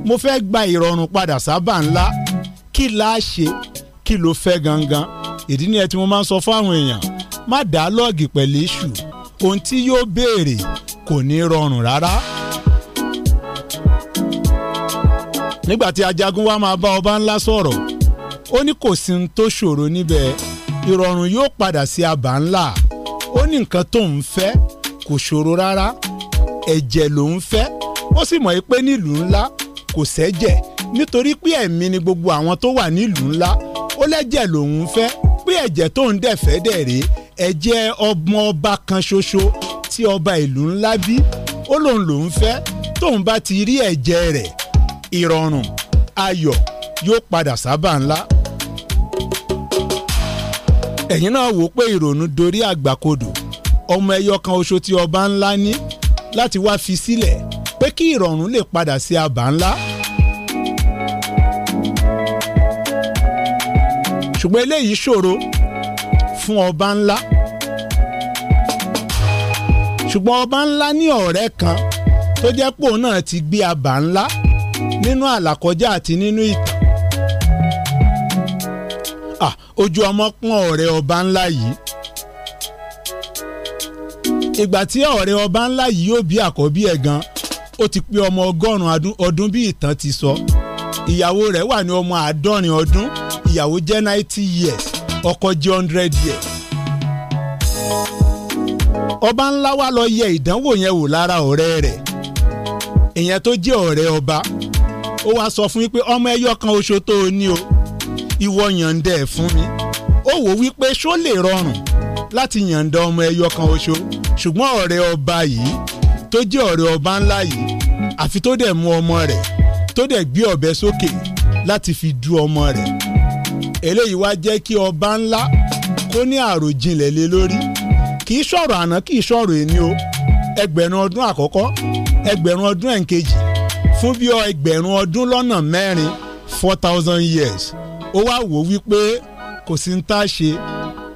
mo fẹ́ gba ìrọ̀rùn padà sábà ńlá kí la ṣe kí ló fẹ́ gangan ìdí nìyẹn tí mo máa ń sọ fún àwọn èèyàn má dàálọ́ọ̀gì pẹ̀lú iṣu ohun tí yóò béèrè kò ní rọrùn rárá. nígbà tí ajagun wa máa bá ọba ńlá sọ̀rọ̀ ó ní kò sí ní tó ṣòro níbẹ̀ ìrọ̀rùn yóò padà sí àbá ńlá ó ní nǹkan tó ń fẹ́ kò ṣòro rárá ẹ̀jẹ̀ ló ń fẹ́ ó sì mọ̀ pé nílùú ńlá kò sẹ́jẹ̀ nítorí pé ẹ̀mí ni gbogbo àwọn tó wà nílùú ńlá ó lẹ́jẹ̀ lòun fẹ́ pé ẹ̀jẹ̀ tó ń dẹ̀ fẹ́ dẹ̀ rèé ẹ jẹ́ ọmọ ọba kan ṣoṣo tí ọba ìlú ńlá bí ó lòun lòun fẹ́ tóun bá ti rí ẹ̀jẹ̀ rẹ̀ ìrọ̀rùn ayọ̀ yóò padà sábà ńlá. ẹ̀yin náà wò pé ìrònú dorí àgbàkodò ọmọ ẹyọ kan oṣù tí ọba ńlá ní láti wá fi sílẹ̀ pé kí ìrọ̀rùn lè padà sí àbá ńlá. ṣùgbọ́n eléyìí ṣòro fún ọba ńlá ṣùgbọ́n ọba ńlá ní ọ̀rẹ́ kan tó jẹ́ pò náà ti gbé abà ńlá nínú àlàkọjá àti nínú ìtàn ah ojú ọmọ pọ́n ọ̀rẹ́ ọba ńlá yìí ìgbà tí ọ̀rẹ́ ọba ńlá yìí yóò bí àkọ́bí ẹ̀ gan ó ti pé ọmọ ọgọ́rùn-ún ọdún bí ìtàn ti sọ ìyàwó rẹ̀ wà ní ọmọ àádọ́rin ọdún ìyàwó jẹ́ ninety years ọkọ jẹ́ hundred years. ọba ńlá wa lọ yẹ ìdánwò yẹn wò lára ọ̀rẹ́ rẹ̀ ìyẹn tó jẹ́ ọ̀rẹ́ ọba ó wáá sọ fún mi pé ọmọ ẹyọ kan oṣù tó o ní o ìwọ yànda ẹ̀ fún mi ó wò wípé ṣó lè rọrùn láti yànda ọmọ ẹyọ kan oṣù ṣùgbọ́n ọ̀rẹ́ ọba yìí tó jẹ́ ọ̀rẹ́ ọba ńlá yìí àfi tó dẹ̀ mú ọmọ rẹ̀ tó dẹ̀ gbé ọ̀bẹ sókè láti fi du ọmọ rẹ̀ eléyìí wá jẹ́ kí ọba ńlá kó ní àròjinlẹ̀ lé lórí kì í sọ̀rọ̀ àná kì í sọ̀rọ̀ èní o ẹgbẹ̀rún ọdún àkọ́kọ́ ẹgbẹ̀rún ọdún ẹ̀ǹkejì fún bí ọ ẹgbẹ̀rún ọdún lọ́nà mẹ́rin four thousand years ó wá wò wípé kò sí ń tá a ṣe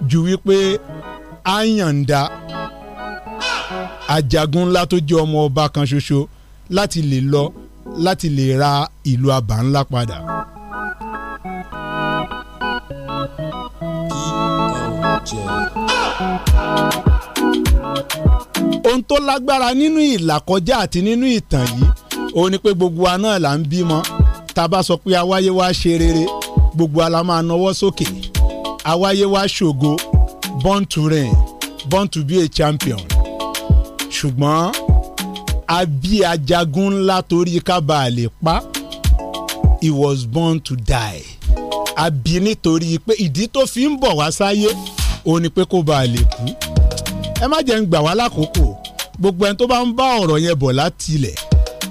ju wípé á yànda ajagun ńlá tó jẹ́ ọmọ ọba kan ṣoṣo láti lè lọ láti lè ra ìlú àbá ńlá padà. jẹ. ohun tó lágbára nínú ìlàkọjá àti nínú ìtàn yìí òun ni pé gbogbo wa náà là ń bímọ tá a bá sọ pé awáyé wa ṣe rere gbogbo wa la máa nawọ́ sókè awáyé wa ṣògo born to reign born to be a champion ṣùgbọ́n a bí ajagun ńlá torí ká bàa lè pa he was born to die àbí nítorí pé ìdí tó fi ń bọ̀ wá sáyé òun ni pé kó a lè kú ẹ má jẹ́ ń gbà wá lákòókò gbogbo ẹni tó bá ń bá ọ̀rọ̀ yẹn bọ̀ látilẹ̀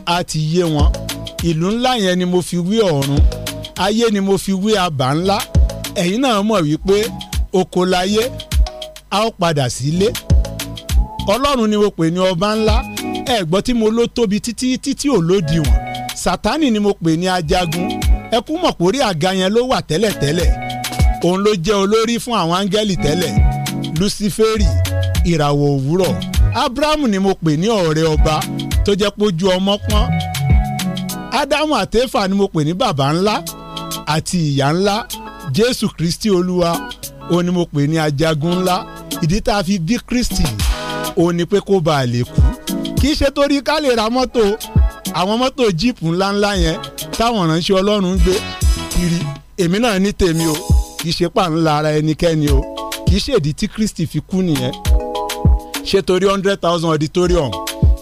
á ti yé wọn ìlú ńlá ni mo fi wí ọ̀run ayé ni mo fi wí abà ńlá ẹ̀yin náà mọ̀ wípé oko a ó padà sílé ọlọ́run ni mo pè ní ọba ńlá ẹ gbọ́ tí mo ló tóbi títí títí ò lódiwọ̀n ni mo pè ní ajagun ẹ kú mọ̀ pórí àga yẹn ló òun ló jẹ́ olórí fún àwọn áńgẹ́lì tẹ́lẹ̀ luciferi ìràwọ̀ òwúrọ̀ abrahamu ni mo pè ní ọ̀rẹ́ ọba tó jẹ́ pójú ọmọ pọ́n ádámù àtẹ́fà ni mo pè ní bàbá ńlá àti ìyá ńlá jésù kristi olúwa òun ni mo pè ní ajagun ńlá ìdí tá a fi bí kristi òun ni pé kó bàa lè kú kì í ṣe torí ká lè ra mọ́tò àwọn mọ́tò jíìpù ńláńlá yẹn táwọn ránṣẹ́ ọlọ́run ń gbé kiri èmi náà ní tèmi o kì í ṣe pàǹlà ara ẹnikẹ́ni o kì í ṣèdí tí Kristi fi kú nìyẹn ṣé torí hundred thousand auditorium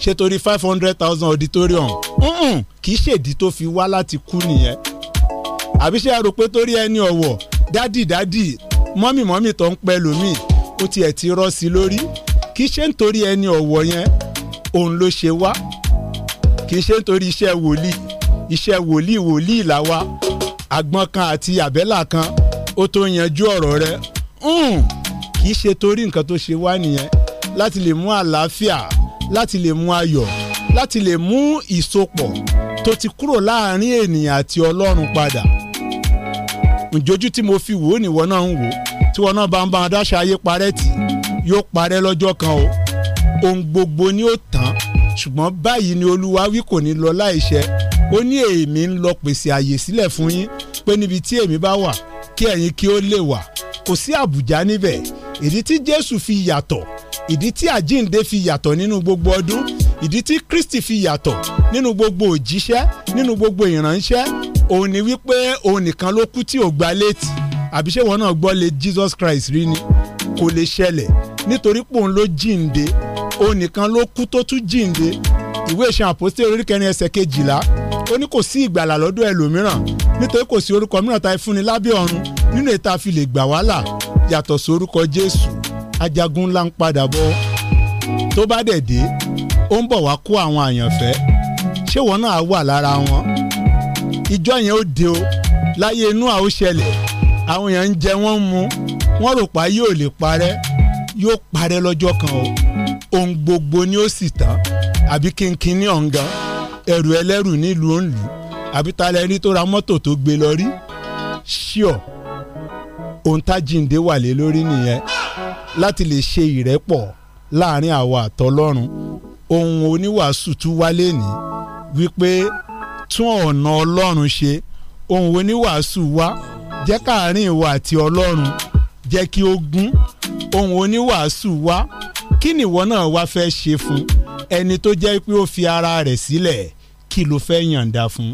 ṣé torí five hundred thousand auditorium mm-mm, kì í ṣèdí tó fi wá láti kú nìyẹn àbí ṣé a rò pé torí ẹni ọ̀wọ̀ dádì dádì mọ́mì mọ́mì tó ń pẹ́ lómi ó tiẹ̀ ti rọ́ sí lórí kì í ṣe nítorí ẹni ọ̀wọ̀ yẹn òun ló ṣe wá kì í ṣe nítorí iṣẹ́ wòlíì iṣẹ́ wòlíì wòlíì làwa àgbọn kan àti àbẹ́là kan o tó yanjú ọ̀rọ̀ rẹ hmm. kì í ṣe torí nǹkan tó ṣe wá nìyẹn láti lè mú àlàáfíà láti lè mú ayọ̀ láti lè mú ìsopọ̀ tó ti kúrò láàrin ènìyàn àti Ọlọ́run padà ǹjọ́jú tí mo fi wò ó nìwọ náà ń wò tí wọn náà bá ń bá wọn dáṣà ayé parẹ́ tì yóò parẹ́ lọ́jọ́ kan o ohun gbogbo ni ó tán ṣùgbọ́n báyìí ni Olúwa wí kò ní lọ láìṣẹ ó ní èmi ń lọ pèsè àyè sílẹ̀ fún yín pé níbi tí èmi bá wà kí ẹ̀yin kí ó lè wà kò sí àbùjá níbẹ̀ ìdí tí Jésù fi yàtọ̀ ìdí tí àjíǹde fi yàtọ̀ nínú gbogbo ọdún ìdí tí Kristi fi yàtọ̀ nínú gbogbo òjíṣẹ́ nínú gbogbo ìránṣẹ́ òun ni wípé òun nìkan ló kú tí ò gba létí àbí ṣé wọn náà gbọ́ lé Jesus Christ rí ni kò lè ṣẹlẹ̀ nítorí pé òun ló jíǹde òun nìkan ló kú tó tún jíǹde ìwé ìṣàn àpòsí orí kẹrin ẹsẹ̀ kejìlá ó ní kò sí ìgbàlà lọ́dọ̀ ẹlòmíràn nítorí kò sí orúkọ mìíràn tá a fúnni lábẹ́ ọ̀run nínú ètò àfi gbà wàhálà yàtọ̀ sí orúkọ Jésù ajagun ńlá ń padà bọ̀ tó bá dẹ̀ dé ó ń bọ̀ wá kó àwọn àyànfẹ́ ṣé wọn náà wà lára wọn ìjọ yẹn ó de o láyé inú àwọn ṣẹlẹ̀ àwọn èèyàn ń jẹ wọ́n ń mu wọ́n rò pa yóò lè parẹ́ yóò parẹ́ lọ́jọ́ kan o ohun gbogbo ni ó sì tán àbí kínkín ní ọ̀ǹgàn ẹrù ẹlẹ́rù nílùú òǹlù àbítalẹ̀ rí tó ra mọ́tò tó gbé lọ rí ṣíọ̀ ohun tájíǹde wà lé lórí nìyẹn láti lè ṣe ìrẹ́pọ̀ láàrin àwa àtọlọ́run ohun oníwàásù tún wálé ní wípé tún ọ̀nà ọlọ́run ṣe ohun oníwàásù wá jẹ́ káàrin ìwà àti ọlọ́run jẹ́ kí ó gún ohun oníwàásù wá kí nìwọ náà wá fẹ́ ṣe fún ẹni tó jẹ́ pé ó fi ara rẹ̀ sílẹ̀ kí ló fẹ́ yàǹda fún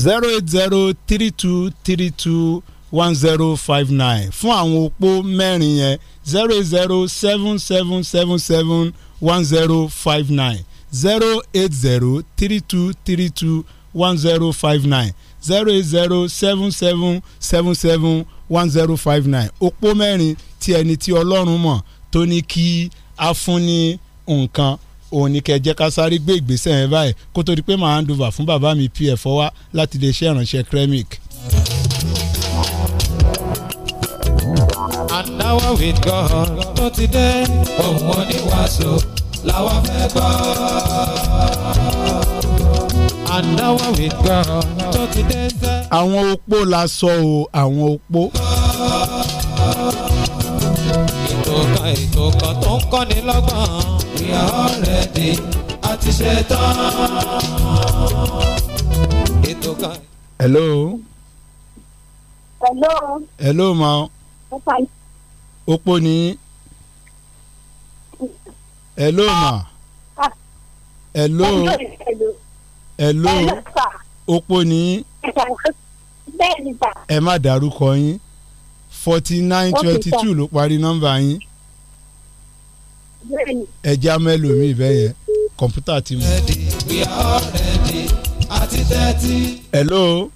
zero eight zero three two three two one zero five nine fún àwọn opó mẹ́rin yẹn zero eight zero seven seven seven seven one zero five nine zero eight zero three two three two one zero five nine zero eight zero seven seven seven seven one zero five nine opó mẹ́rin ti ẹni tí ọlọ́run mọ̀ tó ní kí a fún ní nǹkan òun ni kẹ́ jẹ́ ká sáré gbé ìgbésẹ̀ yẹn báyìí kó tó di pé màá hand over fún bàbá mi pf ọwá láti lè ṣe ìrànṣẹ́ kremik. àdáwọ̀ with God tó ti dé òun oníwàásù làwọn fẹ́ gbọ́. àdáwọ̀ with God tó ti dé àwọn opó la sọ o àwọn opó ètò ètò kan tó ń kọ́ni lọ́gbọ̀n. We are ready a ṣe tán. ètò kan. hello. hello. hello ma. opó ni. hello ma. Ah. hello. hello. opó ni. ẹ má dárúkọ yín forty nine twenty two ló parí nọ́mbà yín ẹja mẹ́lòmíì bẹ́ẹ̀ yẹn kọ̀ǹpútà ti mú. hello.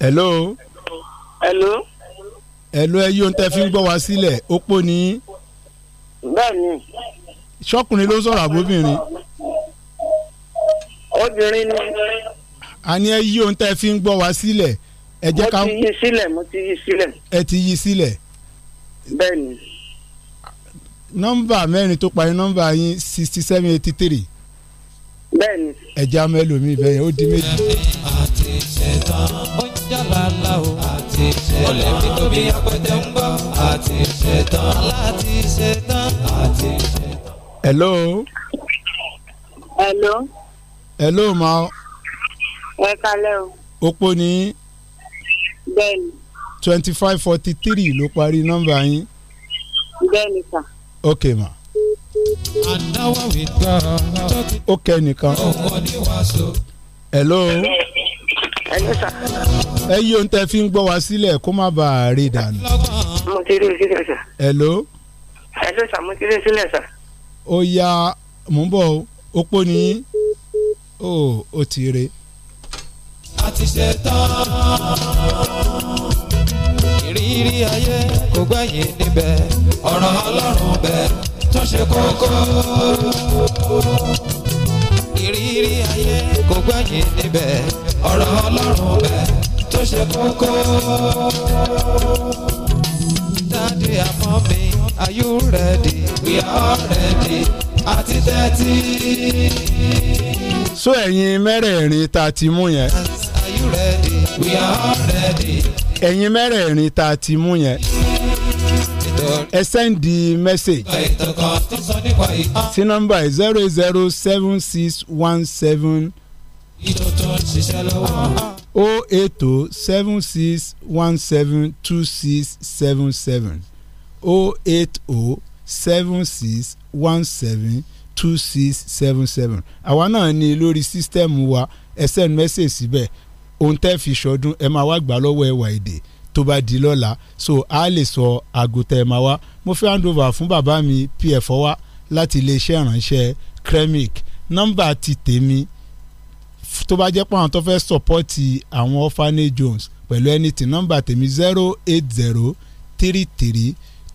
hello. hello. hello ẹ yóò tẹ́ fi ń gbọ́ wá sílẹ̀ ó pò ní. bẹ́ẹ̀ni. ṣọ́kùnrin ló sọ̀rọ̀ àbóbìnrin. obìnrin ni. a ní ẹ yóò tẹ́ fi ń gbọ́ wá sílẹ̀. ẹ jẹ́ ká. mo ti yí sílẹ̀ mo ti yí sílẹ̀. ẹ ti yí sílẹ̀ bẹ́ẹ̀ni. nọ́mbà mẹ́rin tó parí nọ́mbà yín sixty seven eighty three. bẹ́ẹ̀ni. ẹja mẹ́lòmíì bẹ́ẹ̀ ó di méjì. mi tóbi apẹtẹ ń bọ̀ àti hello. hello. hello ma. ẹ kalẹ́ o. opó ni. bẹ́ẹ̀ni twenty five forty three ló parí nọ́mbà yín. bẹ́ẹ̀ni sà. ok ma. ó kẹ́ nìkan. hello. hello sà. ẹ yí ohun tẹ fi ń gbọ́ wá sílẹ̀ kó má bàa rí dànù. mo ti rí sílẹ̀ sà. hello. hello sà mo ti rí i sílẹ̀ sà. ó ya mò ń bọ̀ ó pò ní ó ó ti re. a ti ṣe tán ìrírí ayé kò gbẹ̀yìn níbẹ̀ ọ̀rọ̀ Ọlọ́run bẹ̀ tó ṣe kókó. ìrírí ayé kò gbẹ̀yìn níbẹ̀ ọ̀rọ̀ Ọlọ́run bẹ̀ tó ṣe kókó. Daddy and mommy, are you ready? We are ready àti tẹ́tí. so ẹ̀yin mẹ́rẹ̀ẹ̀rin tá a ti mú yẹn. are you ready? we are ready ẹ̀yin mẹ́rẹ̀ẹ̀rin tá a ti mú yẹn ẹ sẹ́ndì mẹ́sàgì sí nọ́mbà zero zero seven six one seven o oh eight oh seven six one seven two six seven seven o oh eight o seven six one seven two six seven seven àwa náà ní lórí sísítẹ́ẹ̀mù wa ẹ sẹ́ndì mẹ́sàgì síbẹ̀ ohun tẹ́ fi ṣọdún ẹ máa wá gbà lọ́wọ́ ẹwà èdè tó bá di lọ́la so a lè sọ aago tẹ́ ẹ máa wá mo fi hand fún bàbá mi pf wá láti iléeṣẹ́ ìránṣẹ́ kremik nọ́mbà ti tèmi tó bá jẹ́ pé àwọn tó fẹ́ sọ́pọ́tì àwọn orphanage jones pẹ̀lú anything nọ́mbà tèmi zero eight zero three three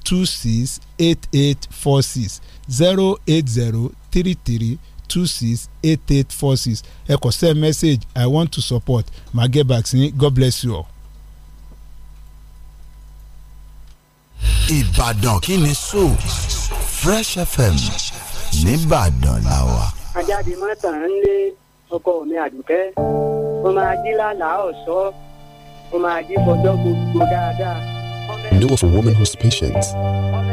two six eight eight four six zero eight zero three three two six eight eight four six ẹ kọ send message i want to support ma get back sí god bless you all. ìbàdàn kí ni so fresh fm nìbàdàn la wà. ajáde mọ́tà ń lé ọkọ mi àdùkẹ́ mo máa jí lálàá ọ̀ṣọ́ mo máa jí fọjọ́ gbogbo dáadáa. Know of a woman who's patient,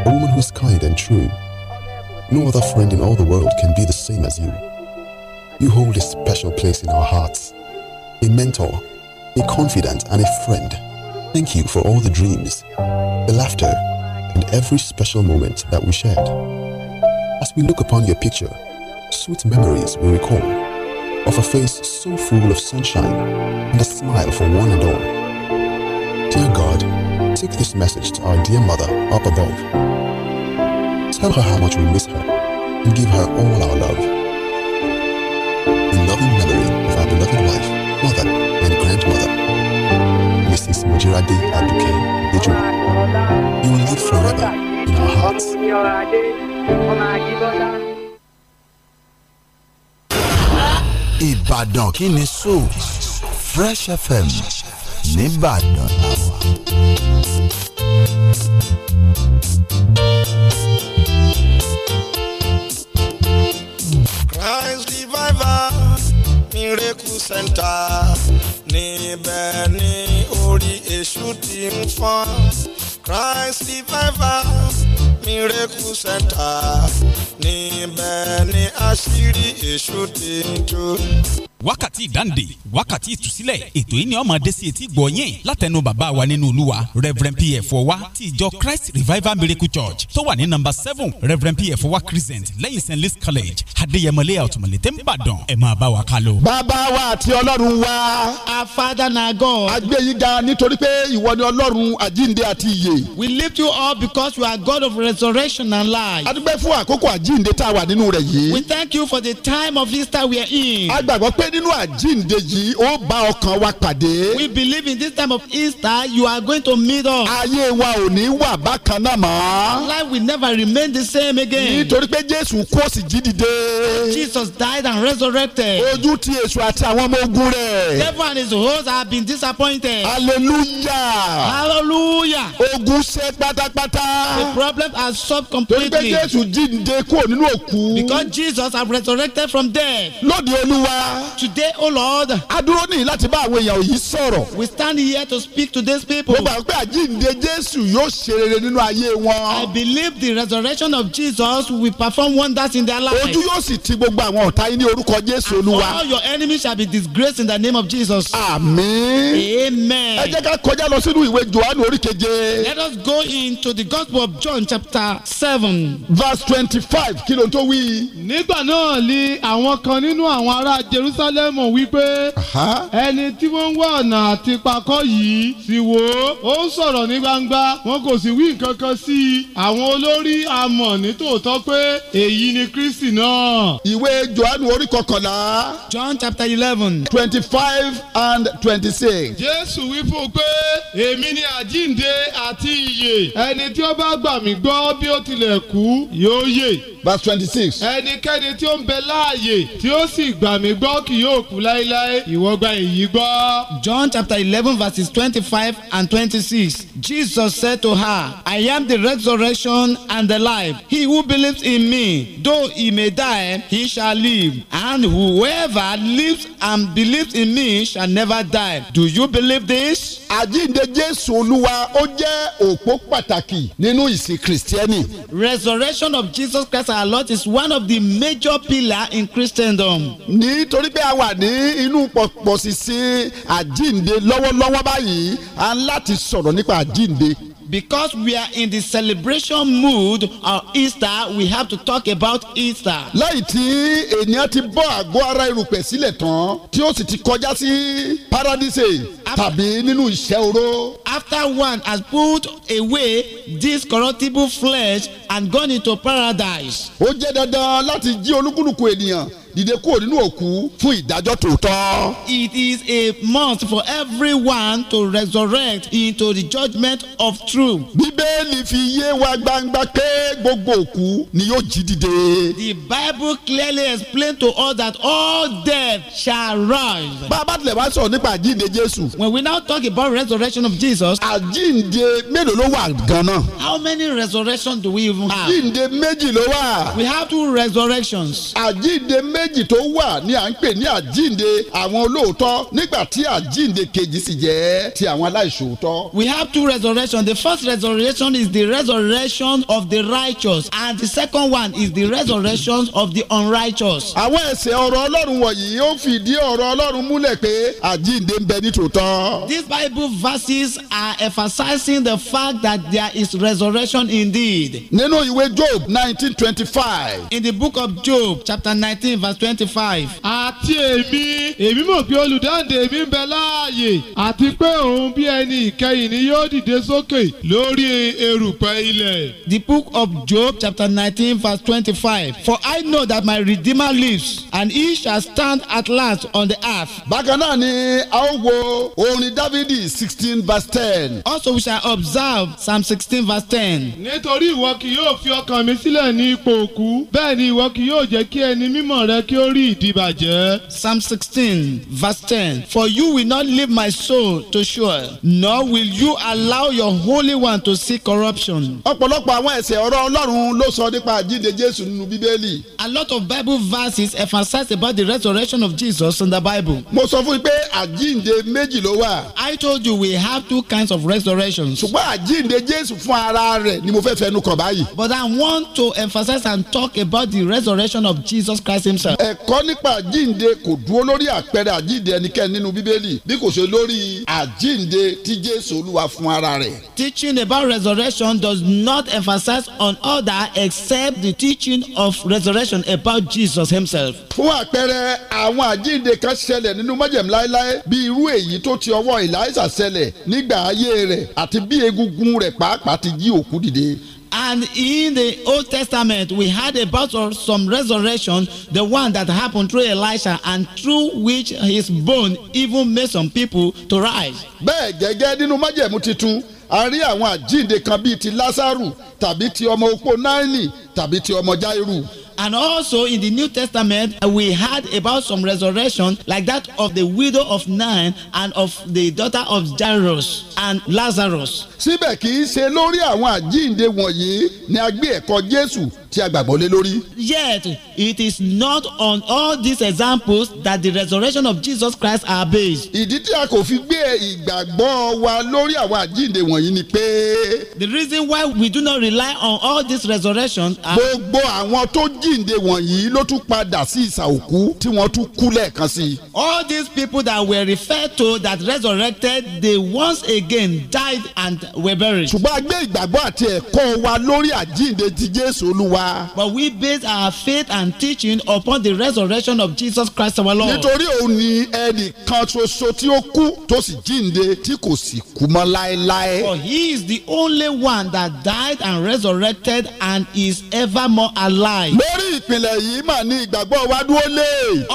a woman who's kind and true. No other friend in all the world can be the same as you. You hold a special place in our hearts, a mentor, a confidant, and a friend. Thank you for all the dreams, the laughter, and every special moment that we shared. As we look upon your picture, sweet memories we recall of a face so full of sunshine and a smile for one and all. Dear God, take this message to our dear mother up above Tell her how much we miss her and give her all our love. In loving memory of our beloved wife, mother, and grandmother, Mrs. Mujirade Aduke Ejo, you will live forever in our hearts. Ìbàdàn kí so Fresh FM nìbàdàn níbẹ̀ ni orí èṣù ti ń fọ́n Christ revival miracle center níbẹ̀ ni àṣírí èṣù ti ń jó wákàtí ìdáǹdè wákàtí ìtúsílẹ̀ ètò yìí ni ó máa dé sí etí gbọ́ látẹnu bàbá wa nínú olúwa reverend pf ọwa ti ìjọ christ revival miracle church tó wà ní number seven reverend pf ọwa crescent lẹ́yìn st louis college adéyẹmọlẹ́ àtùmọ̀lẹ́ tẹ́ ń bàdàn ẹ̀ máa bá wa ká lọ. bàbá wa àti ọlọ́run wa. our father na God. a gbé yín ga nítorí pé ìwọ ni ọlọ́run àjíǹde àti ìyè. we lift you up because you are God of resurrection and life. a dúpẹ́ fún àkókò àjíǹde tá a wà nínú rẹ̀ yìí. we thank you for the time of Easter we are in. a gbàgbọ́ pé nínú àjíǹde yìí ó bá ọkàn wa pàdé. we believe in this time of Easter you are going to meet us. ayé wa ò ní wà bákan náà mọ́. life will never remain the same again. nítorí pé Jésù kú ó jí dìde. Jesus died and resurrected. ojú ti èṣù àti àwọn ọmọ ogun rẹ̀. devil and his hosts have been disappointed. hallelujah. hallelujah. ogun ṣẹ́ pátápátá. the problem has solved completely. torí pé Jésù jí dìde kúrò nínú òkú. because Jesus has resurrected from death. lóde Olúwa. Today, O oh Lord. A dúró nìyí láti bá àwọn èèyàn yìí sọ̀rọ̀. We stand here to speak to these people. Mo gbà pé àjíǹde Jésù yóò ṣe rere nínú ayé wọn. I believe the resurrection of Jesus will perform wonders in their lives. Ojú yóò sì ti gbogbo àwọn ọ̀tá yín ní orúkọ Jésù Olúwa. And all your enemies shall be disgraced in the name of Jesus. Àmín. Amen. Ẹ jẹ́ ká kọjá lọ sínú ìwé Jòhánù orí Let us go into the Gospel of John chapter seven. Verse twenty-five kí ló ń tó wí. Nígbà náà ni àwọn kan nínú àwọn ará Jerusalem. Jerúsálẹ́mù wípé ẹni tí wọ́n ń ọ̀nà àti pakọ́ yìí sì wò ó ń sọ̀rọ̀ ní gbangba wọn kò sì wí nǹkan kan sí i àwọn olórí amọ̀ ní tòótọ́ pé èyí ni Kristi náà. ìwé Jòhánù orí kọkànlá. John chapter eleven. twenty-five and twenty-six. Jésù wí fún un pé èmi ni àjíǹde àti ìyè ẹni tí ó bá gbà mí gbọ́ bí ó tilẹ̀ kú yóò yè. verse twenty-six. ẹnikẹ́ni tí ó ń bẹ láàyè tí ó sì gbà mí gbọ́ kì yóò kú láéláé ìwọ gba èyí gbọ́. John chapter eleven verses twenty-five and twenty-six Jesus said to her, I am the resurrection and the life. He who believes in me, though he may die, he shall live. And whoever lives and believes in me shall never die. Do you believe this? Àjíǹde Jésù Olúwa ó jẹ́ òpó pàtàkì nínú ìsìn Kristẹni. Resurrection of Jesus Christ our Lord is one of the major pillars in Christendom. Nítorí pé a wà ní inú pọ̀sísí àjínde lọ́wọ́lọ́wọ́ báyìí a ń láti sọ̀rọ̀ nípa àjínde. Because we are in the celebration mood of Easter, we have to talk about Easter. Lẹ́yìn tí ènìyàn ti bọ́ àgọ́ ara erùpẹ̀ sílẹ̀ tán tí ó sì ti kọjá sí paradise tàbí nínú ìṣẹ́ oró. After one has put away this corruptible flesh and gone into paradise. ó jẹ́ dandan láti jí olúkúlùkù ènìyàn dìde kúrò nínú òkú fún ìdájọ́ tòótọ́. it is a must for everyone to resurrect into the judgment of truth. bíbélì fi yé wa gbangba pé gbogbo òkú ni yóò jí dìde. the bible clearly explains to us that all death shall rise. bá a bá tilẹ̀ wá sọ̀rọ̀ nípa àjíǹde jésù. when we now talk about resurrection of Jesus. àjíǹde mélòó ló wà gan-an. how many resurrections do we even have. méjì ló wà. we have two resurrections. àjíǹde méjì tó wà ni à ń pè ní àjíǹde àwọn olóòótọ́ nígbà tí àjíǹde kejì sì jẹ́ ti àwọn aláìṣòótọ́. we have two resurrections the first resurrection is the resurrection of the righteous and the second one is the resurrection of the unrighteous. àwọn ẹsẹ̀ ọ̀rọ̀ ọlọ́run wọ̀nyí ó fìdí ọ̀rọ̀ ọlọ́run múlẹ̀ pé àjíǹde ń bẹ ní tòótọ́. these bible verses are emphasizing the fact that there is resurrection indeed. ní nínú ìwé job nineteen twenty five. in the book of job chapter nineteen verse twenty-five. àti èmi èmi mọ̀ pé olùdáǹdè mi ń bẹ láàyè àti pé òun bí ẹni ìkẹyìn ni yóò dìde sókè lórí erùpẹ̀ ilẹ̀. the book of job chapter nineteen verse twenty-five. for I know that my redeemer lives and he shall stand at last on the earth. bákan náà ni a ó wo orin dávidi sixteen verse ten. also we shall observe psalm sixteen verse ten. nítorí ìwọ kì yóò fi ọkàn mi sílẹ̀ ní ipò òkú bẹ́ẹ̀ ni ìwọ kì yóò jẹ́ kí ẹni mímọ́ rẹ kí ó rí ìdíbàjẹ́. Psalm sixteen verse ten For you will not leave my soul to Sheol, nor will you allow your Holy One to see corruption. ọ̀pọ̀lọpọ̀ àwọn ẹ̀sẹ̀ ọ̀rọ̀ Ọlọ́run ló sọ nípa àjíǹde Jésù nínú Bíbélì. A lot of Bible verses emphasize about the resurrection of Jesus in the Bible. Mo sọ fún yín pé àjíǹde méjì ló wà. I told you we have two kinds of resurrections. Ṣùgbọ́n àjíǹde Jésù fún ara rẹ̀ ni mo fẹ́ fẹnu kàn báyìí but I want to emphasize and talk about the resurrection of Jesus Christ himself. ẹ̀kọ́ nípa àjíǹde kò dúró lórí àpẹẹrẹ àjíǹde ẹnikẹ́ni nínú bíbélì bí kò ṣe lórí àjíǹde tí Jésù Olúwa fún ara rẹ̀. teaching about resurrection does not emphasize on other except the teaching of resurrection about Jesus himself. fún àpẹẹrẹ àwọn àjíǹde kan ṣẹlẹ̀ nínú májẹ̀mú láéláé bí irú èyí tó ti ọwọ́ Èlíjà ṣẹlẹ̀ nígbà ayé rẹ̀ àti bí egungun rẹ̀ pàápàá ti jí òkú dìde And in the Old Testament, we had about some resurrection, the one that happened through Elisha, and through which his bone even made some people to rise. Bẹ́ẹ̀ gẹ́gẹ́ nínú májẹ̀mú titun, a rí àwọn àjíǹde kan bíi ti Lásàrù tàbí ti ọmọ opó Náírì tàbí ti ọmọ Jáírù. And also in the New Testament, uh, we heard about some resurrection like that of the widow of Nine and of the daughter of Jairus and Lazarus. Síbẹ̀ kì í ṣe lórí àwọn àjíǹde wọ̀nyí ni a gbé ẹ̀kọ́ Jésù tí a gbàgbọ́ lé lórí. Yet it is not on all these examples that the resurrection of Jesus Christ are based. Ìdí tí a kò fi gbé ìgbàgbọ́ wa lórí àwọn àjíǹde wọ̀nyí ni pé. The reason why we do not rely on all these resurrections Gbogbo àwọn tó jí jíǹde wọ̀nyí ló tún padà sí ìsà òkú tí wọ́n tún kú lẹ́ẹ̀kan sí all these people that were referred to that resurrected they once again died and were buried. ṣùgbọ́n a gbé ìgbàgbọ́ àti ẹ̀kọ́ wa lórí àjíǹde ti Jésù Olúwa. but we base our faith and teaching upon the resurrection of Jesus Christ our Lord. nítorí òun ni ẹnìkan ṣoṣo tí ó kú tó sì jíǹde tí kò sì kú mọ́ láéláé. for he is the only one that died and resurrected and is evermore alive lórí ìpìlẹ̀ yìí mà ní ìgbàgbọ́ wa dúró lé.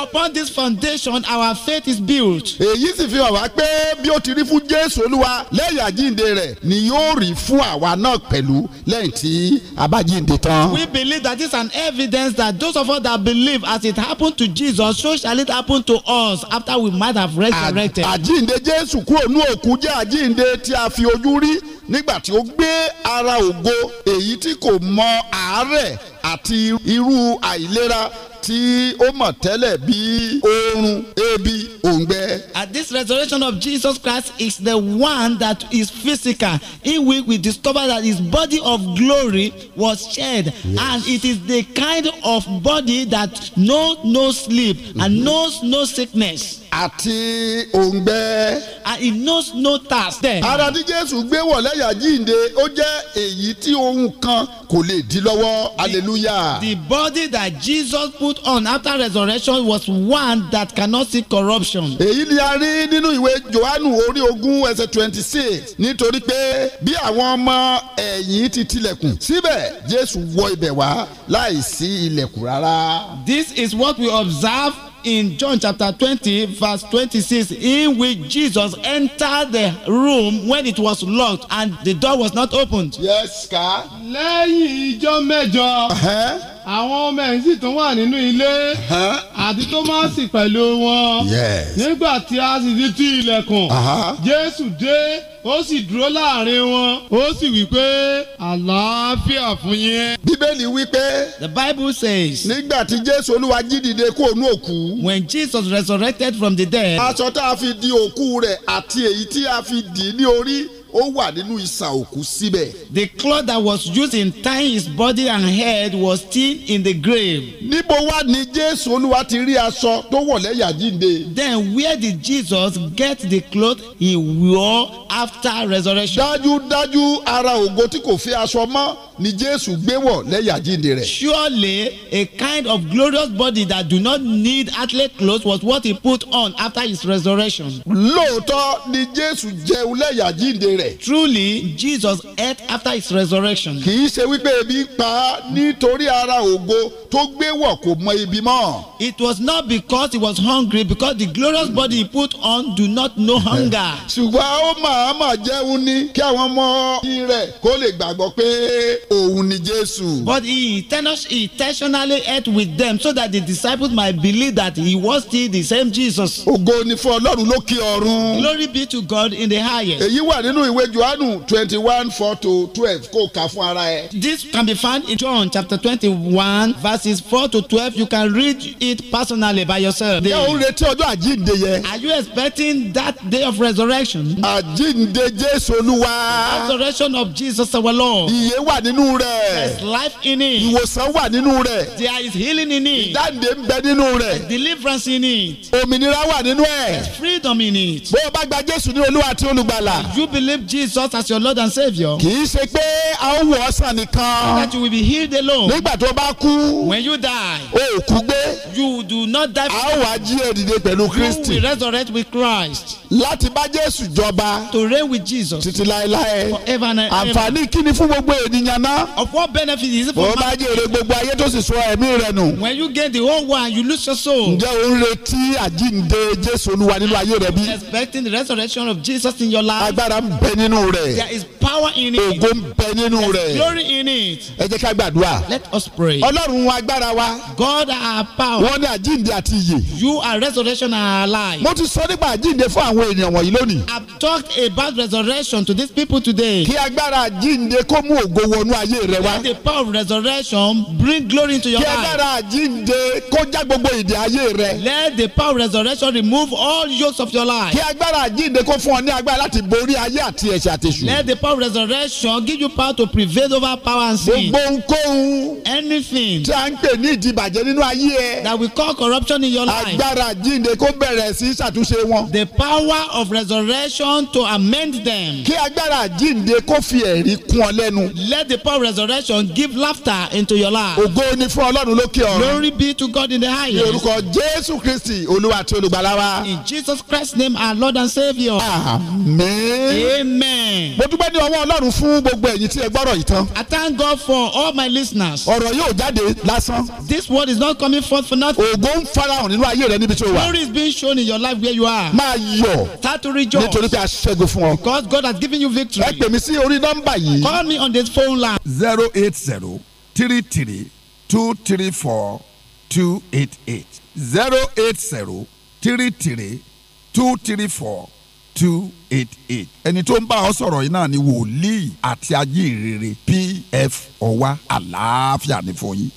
upon this foundation our faith is built. èyí sì fi hàn wá pé bí ó ti rí fún Jésù Olúwa lẹ́yìn àjíǹde rẹ̀ ni yóò rí fún àwa náà pẹ̀lú lẹ́yìn tí a tán. we believe that this is an evidence that those of us that believe as it happened to Jesus so shall it happen to us after we might have resurrected. àjíǹde Jésù kúrò ní òkú jẹ́ àjíǹde tí a fi ojú rí nígbà tí ó gbé ara ògo èyí tí kò mọ àárẹ̀ àti irú àìlera tí ó mọ̀ tẹ́lẹ̀ bíi oorun ebi òǹgbẹ. At this resurrection of Jesus Christ is the one that is physical in which we discover that his body of glory was shed yes. and it is the kind of body that knows no sleep mm -hmm. and knows no sickness àti òǹgbẹ. he knows no task then. ara tí jésù gbé wọ̀ lẹ́yà ó jẹ́ èyí tí ohun kan kò lè dí lọ́wọ́ hallelujah. the body that Jesus put on after resurrection was one that cannot see corruption. èyí ni a rí nínú ìwé johannu orí ogún ẹsẹ̀ twenty six nítorí pé bí àwọn ọmọ ẹ̀yìn ti tilẹ̀kùn síbẹ̀ jésù wọ ibẹ̀ wá láì sí ilẹ̀kùn rárá. this is what we observe in John chapter twenty, verse twenty-six, in which Jesus entered the room when it was locked and the door was not opened. Yes, sir. Lẹ́yìn ijọ́ mẹ́jọ. Uh-huh àwọn ọmọ ẹ̀ sì tún wà nínú ilé àti Tómásì pẹ̀lú wọn nígbà tí a sì ti tú ilẹ̀kùn Jésù dé ó sì dúró láàrin wọn ó sì wí pé àlàáfíà fún yín. Bíbélì wí pé. The Bible says. Nígbà tí Jésù Olúwa jí dìde kó ònú òkú. When Jesus resurrected from the dead. Aṣọ tá a fi di òkú rẹ̀ àti èyí tí a fi dì í ní orí ó wà nínú ìsà òkú síbẹ̀. the cloth that was used in tying his body and head was still in the grave. níbo wá ni jésù olúwa ti rí aṣọ tó wọ̀ lẹ́yìn àjíǹde. then where did Jesus get the cloth he wore after resurrection. dájúdájú ara ògo tí kò fi aṣọ mọ́ ni jésù gbé wọ̀ lẹ́yìn àjíǹde rẹ̀. surely a kind of glorious body that do not need athlete clothes was what he put on after his resurrection. lóòótọ́ ni jésù jẹun lẹ́yìn àjíǹde rẹ̀ rẹ̀. truly Jesus ate after his resurrection. kì í ṣe wípé ebi pa á nítorí ara ògo tó gbé wọ̀ kò mọ ibi mọ́. it was not because he was hungry because the glorious body he put on do not know eh, hunger. ṣùgbọ́n ó màámà jẹun ní kí àwọn ọmọ rẹ̀ kó lè gbàgbọ́ pé òun ni Jésù. but he intentionally ate with them so that the disciples might believe that he was still the same Jesus. ògo ni fún Ọlọ́run lókè ọ̀run. glory be to God in the highest. èyí wà nínú ìwé ìwé johannu twenty one four to twelve kó kà fún ara ẹ. this can be found in John chapter twenty one verses four to twelve you can read it personally by yourself. ǹjẹ́ o retí ọjọ́ àjíǹde yẹn. are you expecting that day of resurrection? àjíǹde Jésù Olúwa. resurrection of Jesus our Lord. ìyè wà nínú rẹ̀. there is life in it. ìwòsàn wà nínú rẹ̀. there is healing in it. ìdáǹdè ń bẹ nínú rẹ̀. there is deliverance in it. òmìnira wà nínú ẹ̀. there is freedom in it. bó o bá gba Jésù ní Olúwa àti olùgbàlà. you believe Jesus as your Lord and Saviour. kì í ṣe pé a ó wọ ọsàn nìkan. that you will be healed alone. nígbà tó bá kú. when you die. o ò kú gbé. you do not die. a ó wá jí èdìdè pẹ̀lú Kristi. you will resurrect with Christ. láti bá Jésù jọba. to reign with Jesus. títí láéláé. forever and ever. àǹfààní kíni fún gbogbo ènìyàn náà. of what benefit is it for man. bó bá jèrè gbogbo ayé tó sì sọ ẹ̀mí rẹ nù. when you gain the whole world you lose your soul. ǹjẹ́ o ń retí àjíǹde Jésù Olúwa nínú ayé rẹ bí. expecting the resurrection of Jesus in your life. agbára ń bẹ nínú rẹ̀. there is power in it. ògo ń bẹ nínú rẹ̀. there is glory in it. ẹ jẹ́ ká gbàdúrà. let us pray. ọlọ́run agbára wa. God our power. wọ́n ní àjíǹde àti ìyè. you are resurrection and life. mo ti sọ nípa àjíǹde fún àwọn ènìyàn wọ̀nyí lónìí. I have talked about resurrection to these people today. kí agbára àjíǹde kó mú ògo wọnú ayé rẹ wá. let the power of resurrection bring glory into your life. kí agbára àjíǹde kó já gbogbo ìdè ayé rẹ. let the power of resurrection remove all yokes of your life. kí agbára àjíǹde kó fún ọ ní agbára láti borí ayé àti àti ẹ̀ṣẹ̀ àtẹ̀ṣù. let the power of resurrection give you power to prevail over power and sin. gbogbo nkóhun. anything. tí a ń pè ní ìdìbàjẹ́ nínú ayé ẹ. that we call corruption in your life. agbára jíǹde kó bẹ̀rẹ̀ sí ṣàtúnṣe wọn. the power of resurrection to amend them. kí agbára jíǹde kó fi ẹ̀rí kún ọ lẹ́nu. let the power of resurrection give laughter into your life. ògo ni fún ọlọ́run lókè ọ̀run. glory be to God in the highest. ní orúkọ jésù kristi olúwa àti olùgbàlà in Jesus Christ, name our Lord and saviour. amen. amen amen. mo dúpẹ́ ní ọwọ́ ọlọ́run fún gbogbo ẹ̀yin tí ẹ gbọ́rọ̀ yìí tán. I thank God for all my listeners. ọ̀rọ̀ yóò jáde lásán. this word is not coming forth for nothing. ògo ń farahàn nínú ayé rẹ níbi tí o wà. glory is being shown in your life where you are. máa yọ̀. start to rejoice. nítorí pé a ṣẹ́gun fún ọ. because God has given you victory. ẹ pè mí sí orí nọ́mbà yìí. call me on this phone line. zero eight zero three three two three four two eight eight zero eight zero three three two three four. two eight eight ẹni tó ń bá ọ sọ̀rọ̀ yìí náà ni wòlíì àti pf ọwá àlàáfíà ní fún yín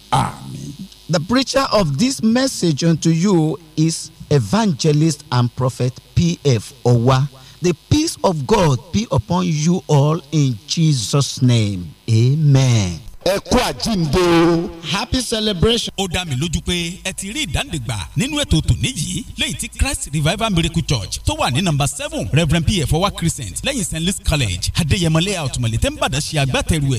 The preacher of this message unto you is evangelist and prophet pf ọwá. The peace of God be upon you all in Jesus' name. Amen. ẹ kú àjínde o. happy celebration. ó dá mi lójú pé ẹ ti rí ìdánidìgbà nínú ètò tòní yìí lẹ́yìn tí christ revival miracle church tó wà ní number seven reverend pf ọwá crescent lẹ́yìn st louis college adéyẹmọlẹ́ àtùmọ̀lẹ́tẹ̀ ń bàdàn ṣe agbátẹrù ẹ̀